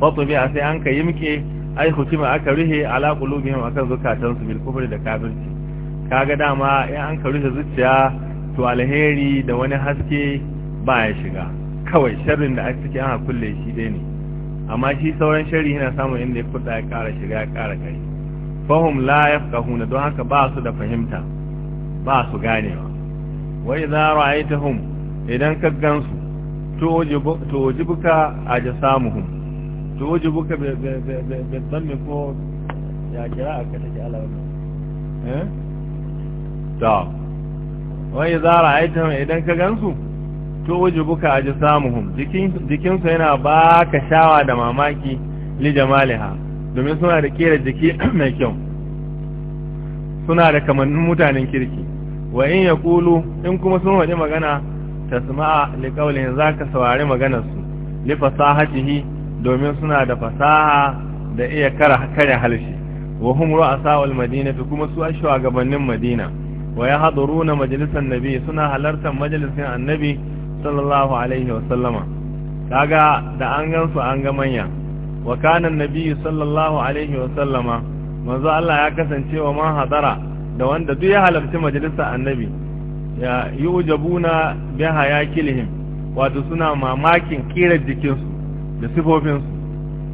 wato bi sai an ka yimke ai hukuma aka rihe ala qulubihim akan zukatansu bil kufri da kafirci kaga dama in an karu da zuciya to alheri da wani haske ba ya shiga kawai sharrin da ake cikin an kulle shi dai ne amma shi sauran sharri yana samun inda ya kudda ya kara shiga ya kara kai fahum la yafqahuna don haka ba su da fahimta ba su ganewa wa idza ra'aytahum idan ka gansu to to ajsamuhum tujibuka bai dhammi ko ya kira aka take alawa eh ta wai zara mai idan ka gansu to wuji buka aji samuhun jikinsu yana ba ka shawa da mamaki li jamaliha domin suna da kera jiki [clears throat] mai kyau suna da kamannin mutanen kirki wa in ya kulu in kuma sun waje magana ta a likaulin za ka saurari maganarsu li cihi domin suna da fasaha da iya kare halshe wa a sa'ul madina fi kuma su a shugabannin madina wa ya na majalisar nabi suna halartar majalisar annabi sallallahu alaihi wasallama kaga da an gansu an ga manya wa kanan nabi sallallahu alaihi wasallama manzo Allah ya kasance wa man hadara da wanda duk ya halarci majalisar annabi ya yujabuna bi hayakilihim wato suna mamakin kirar jikinsu da sifofinsu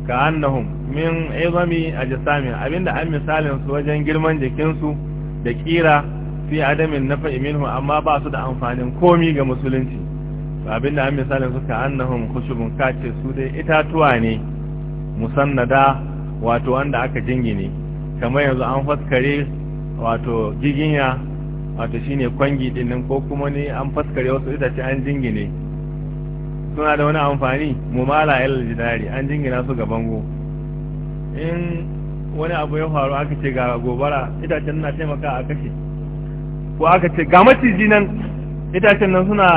ka annahum min izami ajsami abinda an misalin su wajen girman jikinsu da kira fi adamin na minhu amma ba su da amfanin komi ga musulunci abin da an misalin suka annahun kushubun kace su dai itatuwa ne musannada wato wanda aka jingine kamar yanzu an faskare wato giginya wato shine kwangi dinnan ko kuma ne an faskare wasu itace an jingine suna da wani amfani mumala ilal jidari an jingina su gaban bango in wani abu ya faru aka ce ga gobara itacen na taimaka a kashe ko aka ce ga maciji nan itacen nan suna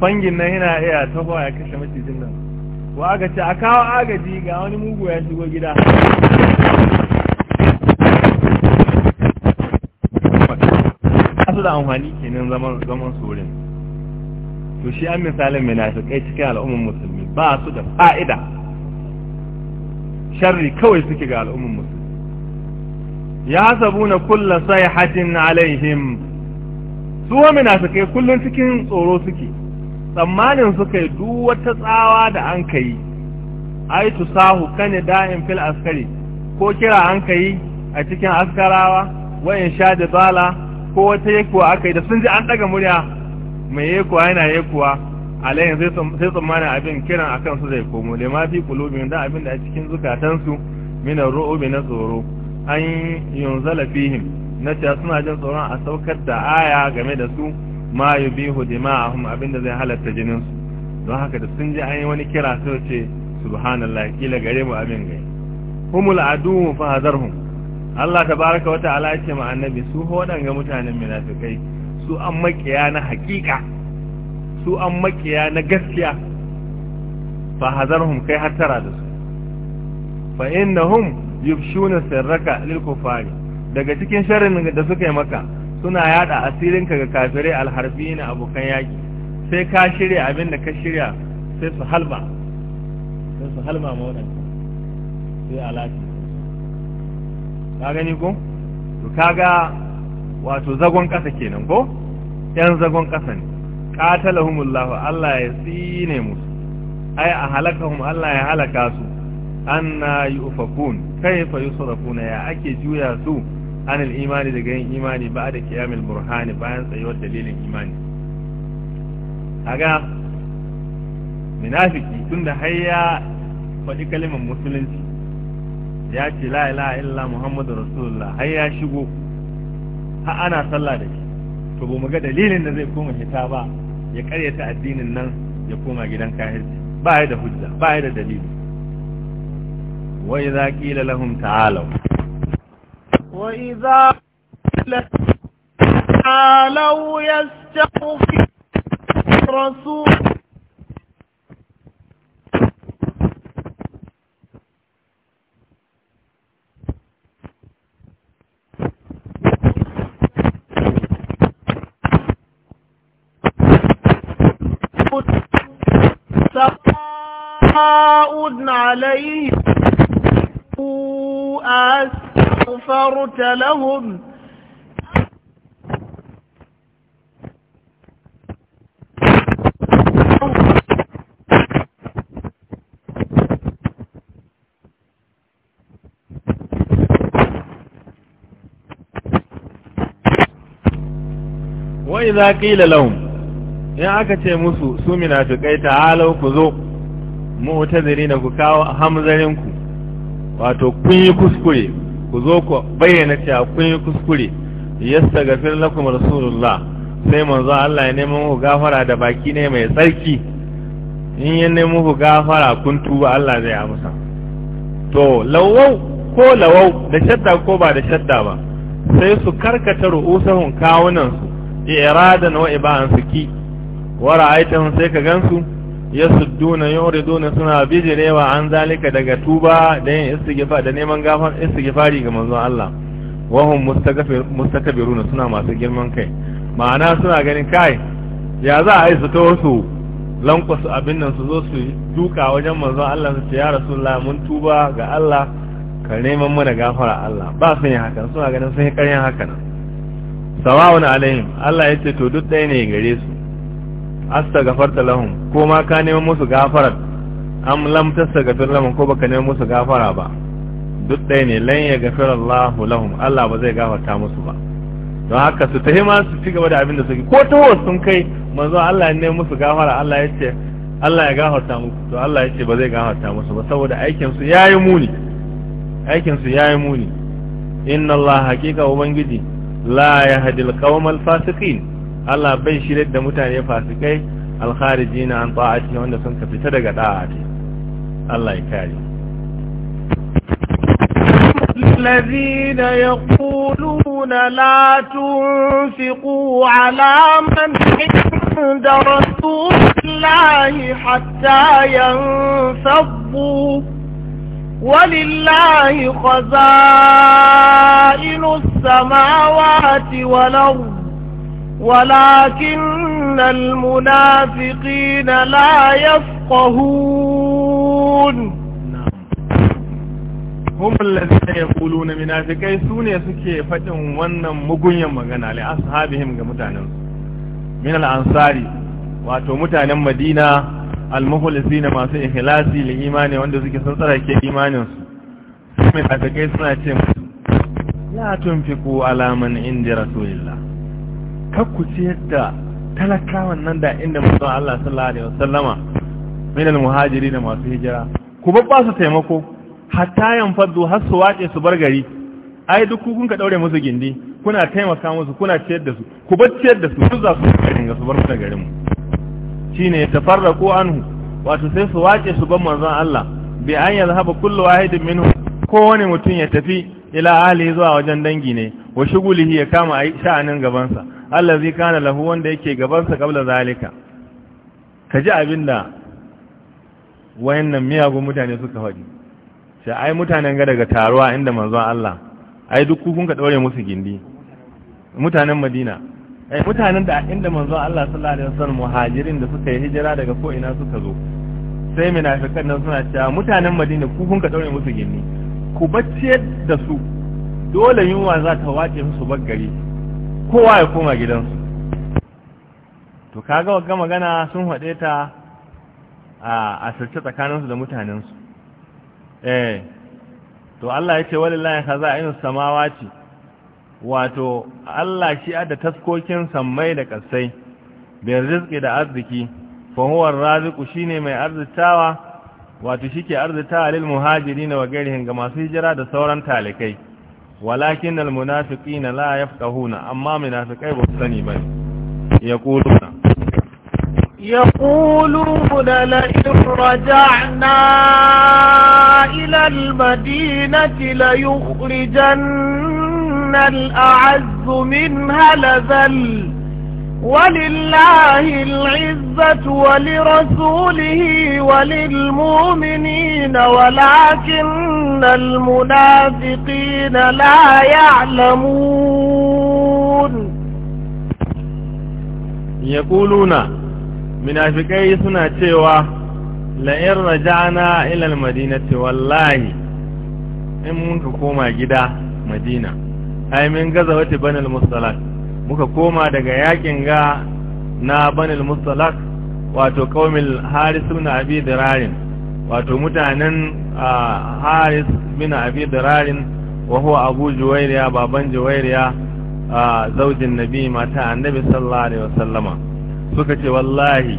fangin nan yana iya taho ya kashe macijin nan ko aka ce a kawo agaji ga wani mugu ya shigo gida su da amfani kenan zaman zaman sorin to shi an misalin kai cikin al'ummar musulmi ba su da fa'ida shari kawai suke ga al'ummar musulmi ya sabu na kulla sai hatin alaihim su wa kai kullum cikin tsoro suke tsammanin su yi duk wata tsawa da an ka yi ai tu sahu kane da'in fil askari ko kira an ka yi a cikin askarawa wa sha da zala ko wata yekuwa aka yi da sun ji an daga murya mai yekuwa yana yekuwa Alayin sai tsammanin abin kiran akan su zai komo da ma fi kulubin da abin da a cikin zukatansu minar ru'ubi na tsoro an yunzala fihim na cewa suna jin tsoron a saukar da aya game da su ma yubihu dima'ahum abinda zai halatta jininsu, su don haka da sun ji an yi wani kira sai ce subhanallah kila gare mu abin gai humul adu fa hadarhum Allah tabaraka wa ta'ala ya ce ma annabi su ga mutanen munafikai su an makiya na hakika su an makiya na gaskiya fa hadarhum kai hatara da su fa innahum yufshuna sirraka lil kufari daga cikin sharrin da suka yi maka suna yada asirin ka ga kafirai alharbi na abokan yaki sai ka shirya abin da ka shirya sai su halba sai su halma ma waɗanda sai alaki ka gani ko to kaga wato zagon kasa kenan ko yan zagon kasa ne qatalahumullahu Allah ya tsine musu ai a halakahum Allah ya halaka su anna yufakun kayfa yusrafuna ya ake juya su an al-imani daga yin imani ba da kiyamul burhani bayan tsayuwar dalilin imani kaga munafiki tunda har ya faɗi kalimar musulunci ya ce la ilaha illa muhammadu rasulullah har ya shigo ha ana sallah da shi to ba mu ga dalilin da zai koma hita ba ya karyata addinin nan ya koma gidan kahirci ba ya da hujja ba ya da dalili وإذا قيل لهم تعالوا وإذا قيل تعالوا يستغفر الرسول سواء عليهم استغفرت لهم وإذا قيل لهم in aka ce musu su minafikai ta'alau ku zo mu'tazirina ku kawo hamzaninku. wato kun yi kuskure ku zo ku bayyana cewa kun yi kuskure yasta yastaghfir lakum rasulullah sai manzo Allah ya nemo ku gafara da baki ne mai tsarki in ya nemo ku gafara kun tuba Allah zai amsa to lawau ko lawau da shadda ko ba da shadda ba sai su karkata ru'usahum kawunan su iradan wa iban su ki wa ra'aytahum sai ka gansu yasudduna yuriduna suna bijirewa an zalika daga tuba da yin istighfar da neman gafar istighfari ga manzon Allah wahum mustakbiruna suna masu girman kai ma'ana suna ganin kai ya za a yi su to su lankwasu abin nan su zo su duka wajen manzon Allah su ce ya rasulullah mun tuba ga Allah ka neman mana gafara Allah ba su yin hakan suna ganin sun yi ƙaryan nan sawa'un alaihim Allah ya ce to duk ɗaya ne gare su astaghfarta lahum ko ma ka neman musu gafarar am lam tastaghfir lahum ko baka neman musu gafara ba duk ɗaya ne lan ya gafara Allah lahum Allah ba zai gafarta musu ba don haka su tafi ma su ci gaba da abin da suke ko taho sun kai manzo Allah ya neman musu gafara Allah ya ce Allah ya gafarta muku to Allah ya ce ba zai gafarta musu ba saboda aikin su yayi muni aikin su yayi muni inna Allah haqiqa ubangiji la yahdil qawmal fasiqin Allah bai shirye da mutane fasikai alkharijina an ta'ati wanda sun ka fita daga da'ati Allah ya kare الذين يقولون لا تنفقوا على من عند رسول الله حتى ينفضوا ولله خزائن السماوات والأرض ولكن المنافقين لا يفقهون هم الذين يقولون منافقين سوني سكي فتن ونن مغنيا مغنى لأصحابهم كمتانا من الأنصار واتو متانا مدينة المخلصين ما سي إخلاصي لإيماني واندو سكي سنطرة كي إيماني كي سنة لا تنفقوا على من عند رسول الله kakku ciyar da talakawan nan da inda mutum Allah sallallahu alaihi wasallama min al-muhajiri da masu hijira ku babba su taimako hatta yan faddu har su wace su bar gari ai duk kun ka daure musu gindi kuna taimaka musu kuna ciyar da su ku bar ciyar da su su za su garin ga su bar mu garin mu shine ya tafarraqu anhu wato sai su wace su bar manzon Allah bi an yazhaba kullu wahidin minhu wani mutum ya tafi ila ahli zuwa wajen dangi ne wa shugulihi ya kama sha'anin gabansa zai kana lahu wanda yake gabansa kabla zalika kaji abinda wayannan miyagun mutane suka faɗi sai ai mutanen ga daga taruwa inda manzon Allah ai duk kun ka daure musu gindi mutanen Madina ai mutanen da inda manzon Allah sallallahu alaihi wasallam muhajirin da suka yi hijira daga ko ina suka zo sai munafikan nan suna cewa mutanen Madina ku kun ka daure musu gindi ku bacce da su dole yunwa za ta wace musu baggari kowa ya koma gidansu to kaga wagga magana sun haɗe ta a asirce tsakaninsu da mutanensu eh to Allah ya ce walillahi khaza'inus samawati wato Allah shi adda taskokin sammai da kasai bi rizqi da arziki fa huwa ar ne shine mai arzitawa wato shi ke arzitawa lil muhajirin wa gairihin ga masu hijira da sauran talikai ولكن المنافقين لا يفقهون أما منافقين بسني su يقولون يقولون لئن رجعنا إلى المدينة ليخرجن الأعز منها لذل ولله العزة ولرسوله وللمؤمنين ولكن أن المنافقين لا يعلمون يقولون منافقي سنة تيوى لئن رجعنا إلى المدينة والله إن منك كوما جدا مدينة أي من غزوة بني المصطلق muka koma daga yakin ga na banil mustalak wato kaumil harisu na abi dirarin wato mutanen haris bin abi dirarin wa huwa abu juwairiya baban juwairiya zaujin nabi mata annabi sallallahu alaihi wasallama suka ce wallahi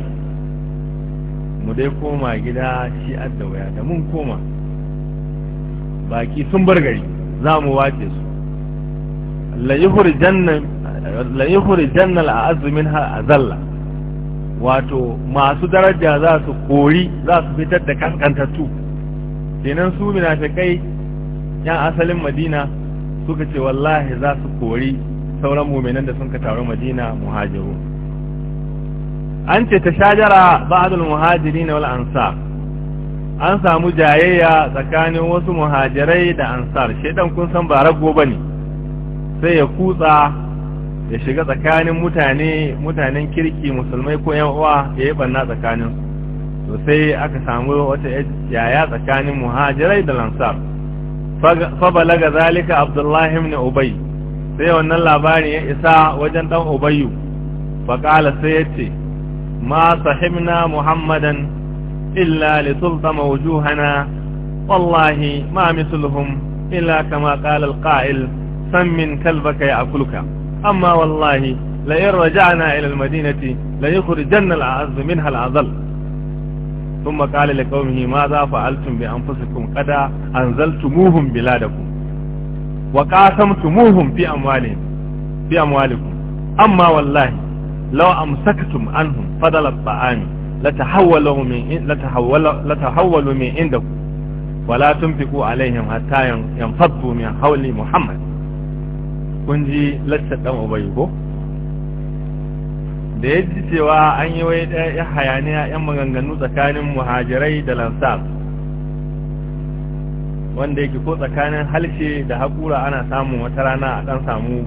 mu dai koma gida shi adda waya da mun koma baki sun bar gari za mu wace su la yukhrijanna al-a'azzu minha azalla wato masu daraja za su kori za su fitar da kaskantattu kenan su munafikai yan asalin madina suka ce wallahi za su kori sauran muminan da sun ka taru madina muhajiru an ce ta shajara ba'adul muhajiri na wal ansar an samu jayayya tsakanin wasu muhajirai da ansar shaidan kun san ba rago ba ne sai ya kutsa ya shiga tsakanin mutane mutanen kirki musulmai ko yan uwa ya yi banna tsakaninsu Sosai sai aka samu wata yaya tsakanin muhajirai da lansar fabalaga zalika abdullahi ibn ubay sai wannan labari ya isa wajen dan ubayyu fa sai yace ma sahibna muhammadan illa li sultama wujuhana wallahi ma misluhum illa kama qala alqa'il sammin kalbaka Abulka. amma wallahi la'in in raja'na ila almadinati la yukhrijanna al'azz minha al'adall sun makali da kawai ma za fa altun bi an fusikun kada an zaltu muhun bila da ku wa kasamtu muhun fi amwalikum amma wallahi law amsaktum anhum fadala ta'ami latahawwalu min latahawwalu latahawwalu min wala alaihim hatta yanfaddu muhammad kun ji lacce dan da ya ji cewa an yi wai ɗaya hayaniya 'yan maganganu tsakanin muhajirai da lansar wanda yake ko tsakanin halshe da haƙura ana samun wata rana a ɗan samu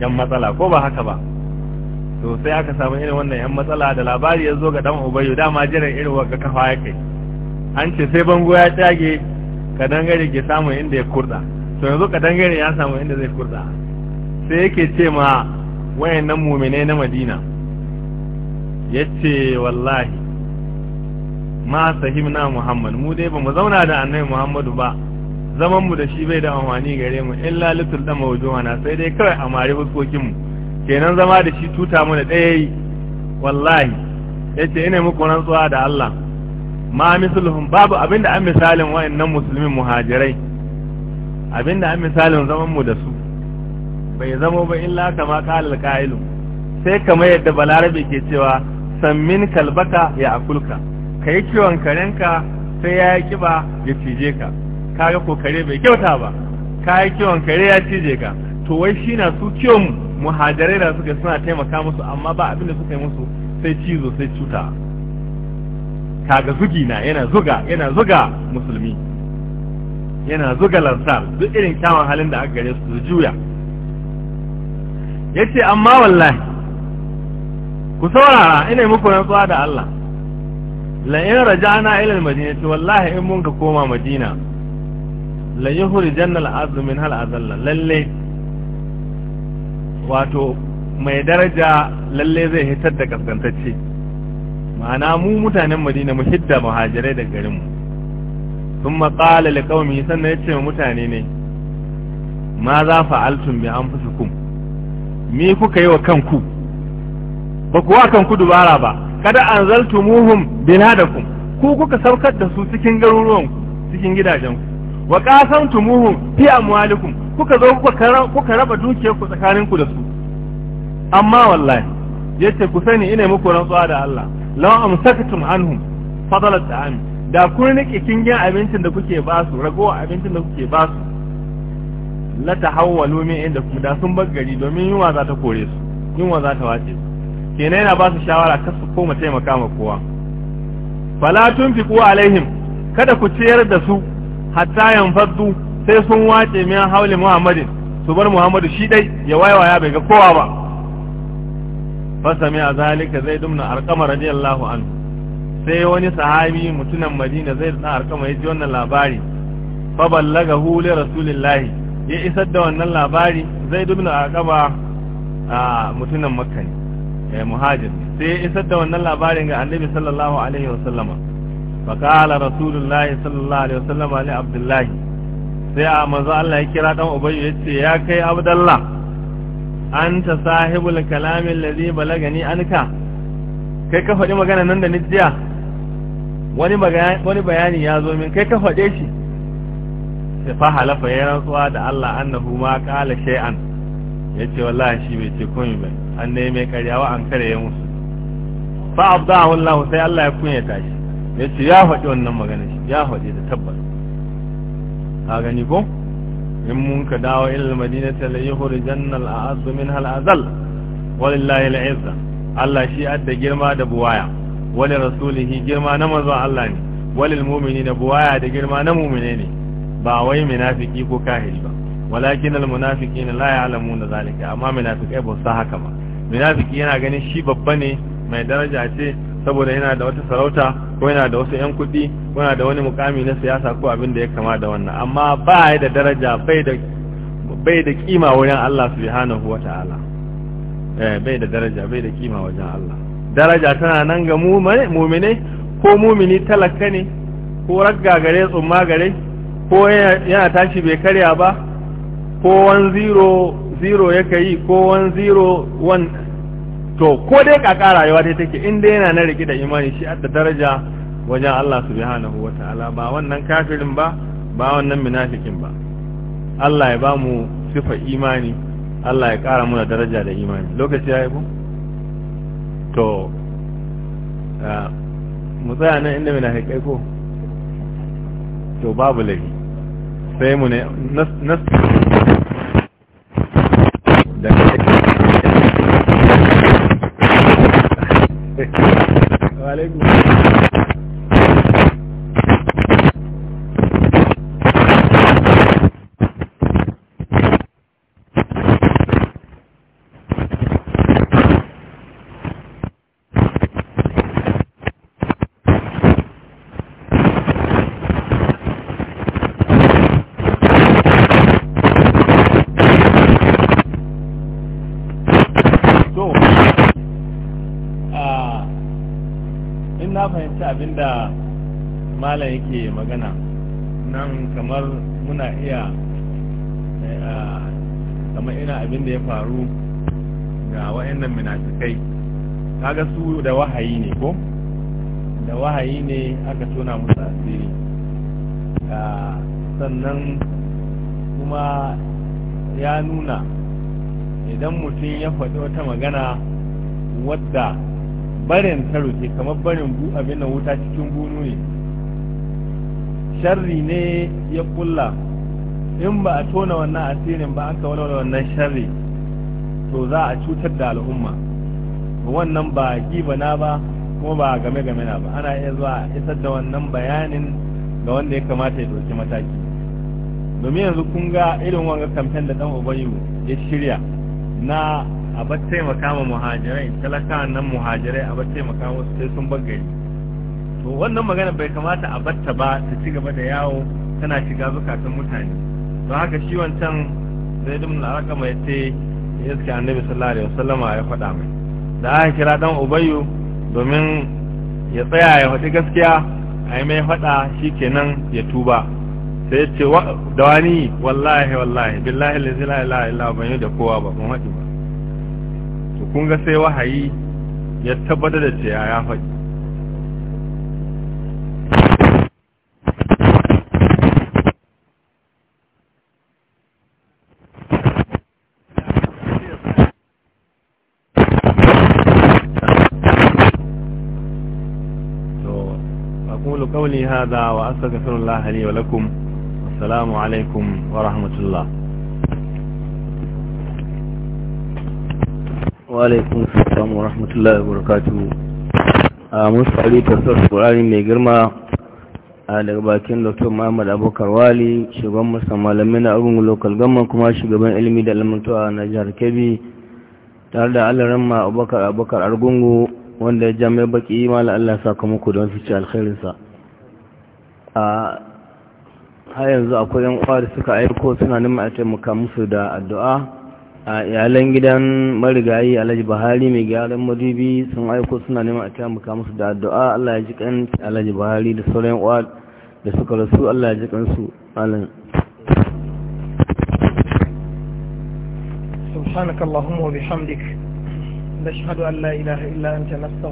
'yan matsala ko ba haka ba to sai aka samu irin wannan 'yan matsala da labari ya zo ga ɗan ubayu dama jiran irin wagga kafa ya kai an ce sai bango ya tage dangare ke samun inda ya kurɗa to yanzu dangare ya samu inda zai kurɗa sai yake ce ma wayannan mumine na madina ya ce wallahi ma sahimna muhammad mu dai ba mu zauna da annabi muhammadu ba zaman mu da shi bai da amfani gare mu illa litul da mawjuhana sai dai kawai a mari fuskokin kenan zama da shi tuta mu da ɗaya wallahi yace ina muku rantsuwa da Allah ma misluhum babu abinda an misalin wayannan musulmin muhajirai abinda an misalin zaman mu da su bai zamo ba illa kama qala al sai kamar yadda balarabe ke cewa sammin kalbaka ya akulka ka yi kiwon karenka sai ya yi kiba ya cije ka ka ga kokare bai kyauta ba ka yi kiwon kare ya cije ka to wai shi na su kiwon muhajirai da suka suna taimaka musu amma ba abin da suka yi musu sai cizo sai cuta kaga zugi na yana zuga yana zuga musulmi yana zuga lansar duk irin kyawun halin da aka gare su juya yace amma wallahi ku saurara ina muku rantsuwa da Allah la in raja'na ila al-madinati wallahi in mun ka koma madina la yukhrijanna al-azlu min hal azalla lalle wato mai daraja lalle zai hitar da kaskantacce ma'ana mu mutanen madina mu hidda muhajirai da garinmu sun maƙala da ƙaumi sannan ya ce wa mutane ne ma za fa'altun bi an fi me kuka yi wa kanku ba kuwa kan ku dubara ba kada anzaltumuhum binadakum ku kuka saukar da su cikin garuruwan cikin gidajen ku wa qasantumuhum fi amwalikum kuka zo kuka kuka raba dukiyar ku tsakanin ku da su amma wallahi yace ku sani ina muku rantsuwa da Allah law amsaktum anhum fadalat ta'am da kun rike kingin abincin da kuke ba su ragowa abincin da kuke ba su la tahawwalu min inda kuma da sun bar gari domin yunwa za ta kore su yunwa za ta wace su kenan yana ba su shawara ka su koma taimaka ma kowa fala kuwa alaihim kada ku ciyar da su hatta faddu sai sun wace min hauli muhammadin su bar muhammadu shi dai ya ya bai ga kowa ba fa a zalika zai dumna arkama radiyallahu anhu sai wani sahabi mutunan madina zai dumna arkama ya ji wannan labari fa ballagahu li rasulillahi ya isar da wannan labari zai dumna arkama a mutunan makka Eh, muhajir sai ya isar da wannan labarin ga annabi sallallahu alaihi wa fa faqala rasulullahi sallallahu alaihi sallama li abdullahi sai a manzo Allah ya kira dan ubayyu yace ya kai abdullah anta sahibul kalami alladhi balagani anka kai ka faɗi magana nan da nijiya wani wani bayani ya zo min kai ka faɗe shi sai fa halafa ya rantsuwa da Allah annahu ma qala shay'an yace wallahi shi bai ce komai ba an ne mai karyawa an kare ya musu fa abdahu Allah sai Allah ya kunyata shi ya ce ya faɗi wannan magana shi ya faɗi da tabbas ka gani ko in mun ka dawo ilal madinata la yukhrijanna al a'azzu minha al azal walillahi al izza Allah shi adda girma da buwaya wali rasulihi girma na manzon Allah ne walil mu'minina buwaya da girma na mu'mine ne ba wai munafiki ko kahiri ba walakin al munafiqina la ya'lamuna zalika amma munafiqai ba su haka ba munafiki yana ganin shi babba ne mai daraja ce saboda yana da wata sarauta ko yana da wasu 'yan kuɗi ko yana da wani mukami na siyasa ko abin da ya kama da wannan amma ba ya da daraja bai da kima wurin Allah yi wa ta'ala eh, bai da daraja bai da kima wajen Allah daraja tana nan ga mu'mine ko mu'mini talaka ne ko ragga gare tsumma gare ko yana tashi bai karya ba ko wani zero. zero yake yi ko one zero one to ko dai kaka yawa dai take in dai yana na riƙe da imani shi a daraja wajen Allah subhanahu wataala ba wannan kafirin ba ba wannan munafikin ba Allah ya ba mu sifa imani Allah ya kara muna daraja da imani lokaci ya yi ku to mu tsaya nan inda munafikai ko to babu laifi sai mu ne nas wa alaikum abinda malam yake magana nan kamar muna iya eh, kamar ina abin da ya faru ga wa'annan ta kaga su da wahayi ne ko da wahayi ne aka tona musu asiri ah, sannan kuma ya nuna idan mutum ya faɗi wata magana wadda barin taro ke kamar barin bu abin da wuta cikin gunu ne sharri ne ya kulla in ba a tona wannan asirin ba aka walwala wannan sharri to za a cutar da al'umma wannan ba giba na ba kuma ba game game na ba ana iya zuwa isar da wannan bayanin ga wanda ya kamata ya doki mataki domin yanzu kun ga irin wanga kamfen da dan ubayu ya shirya na a bar taimaka ma muhajirai talaka nan muhajirai a bar taimaka musu sai sun bagari to wannan magana bai kamata a batta ba ta ci gaba da yawo tana shiga zukatan mutane don haka shi wancan zai dumin al'arka mai ce ya iske annabi sallallahu alaihi wasallama ya faɗa mai da aka kira dan ubayyu domin ya tsaya ya faɗi gaskiya a yi mai faɗa shi kenan ya tuba sai ya ce da wani wallahi wallahi billahi lillahi la ilaha illa ban yi da kowa ba kuma haɗi ba to kun ga sai wahayi ya tabbatar da cewa ya faɗi قولي هذا وأستغفر الله لي ولكم والسلام عليكم ورحمة الله walaikun salam rahmatullahi wa a musali ta qur'ani mai girma a daga bakin dr muhammad abubakar wali shugaban musamman malamai na abin local government kuma shugaban ilimi da alamantuwa na jihar kebbi tare da alaramma abubakar abubakar argungu wanda ya jami'ar baki mala allah sakamako don su ci alkhairinsa a har yanzu akwai yan kwari suka aiko suna neman a taimaka musu da addu'a a iyalan gidan marigayi alhaji buhari mai gyaran madubi sun aiko suna neman a taimaka musu da addu'a allah ya ji kan alhaji buhari da sauran uwa da suka rasu allah ya ji kan su malam سبحانك اللهم وبحمدك نشهد أن لا إله إلا أنت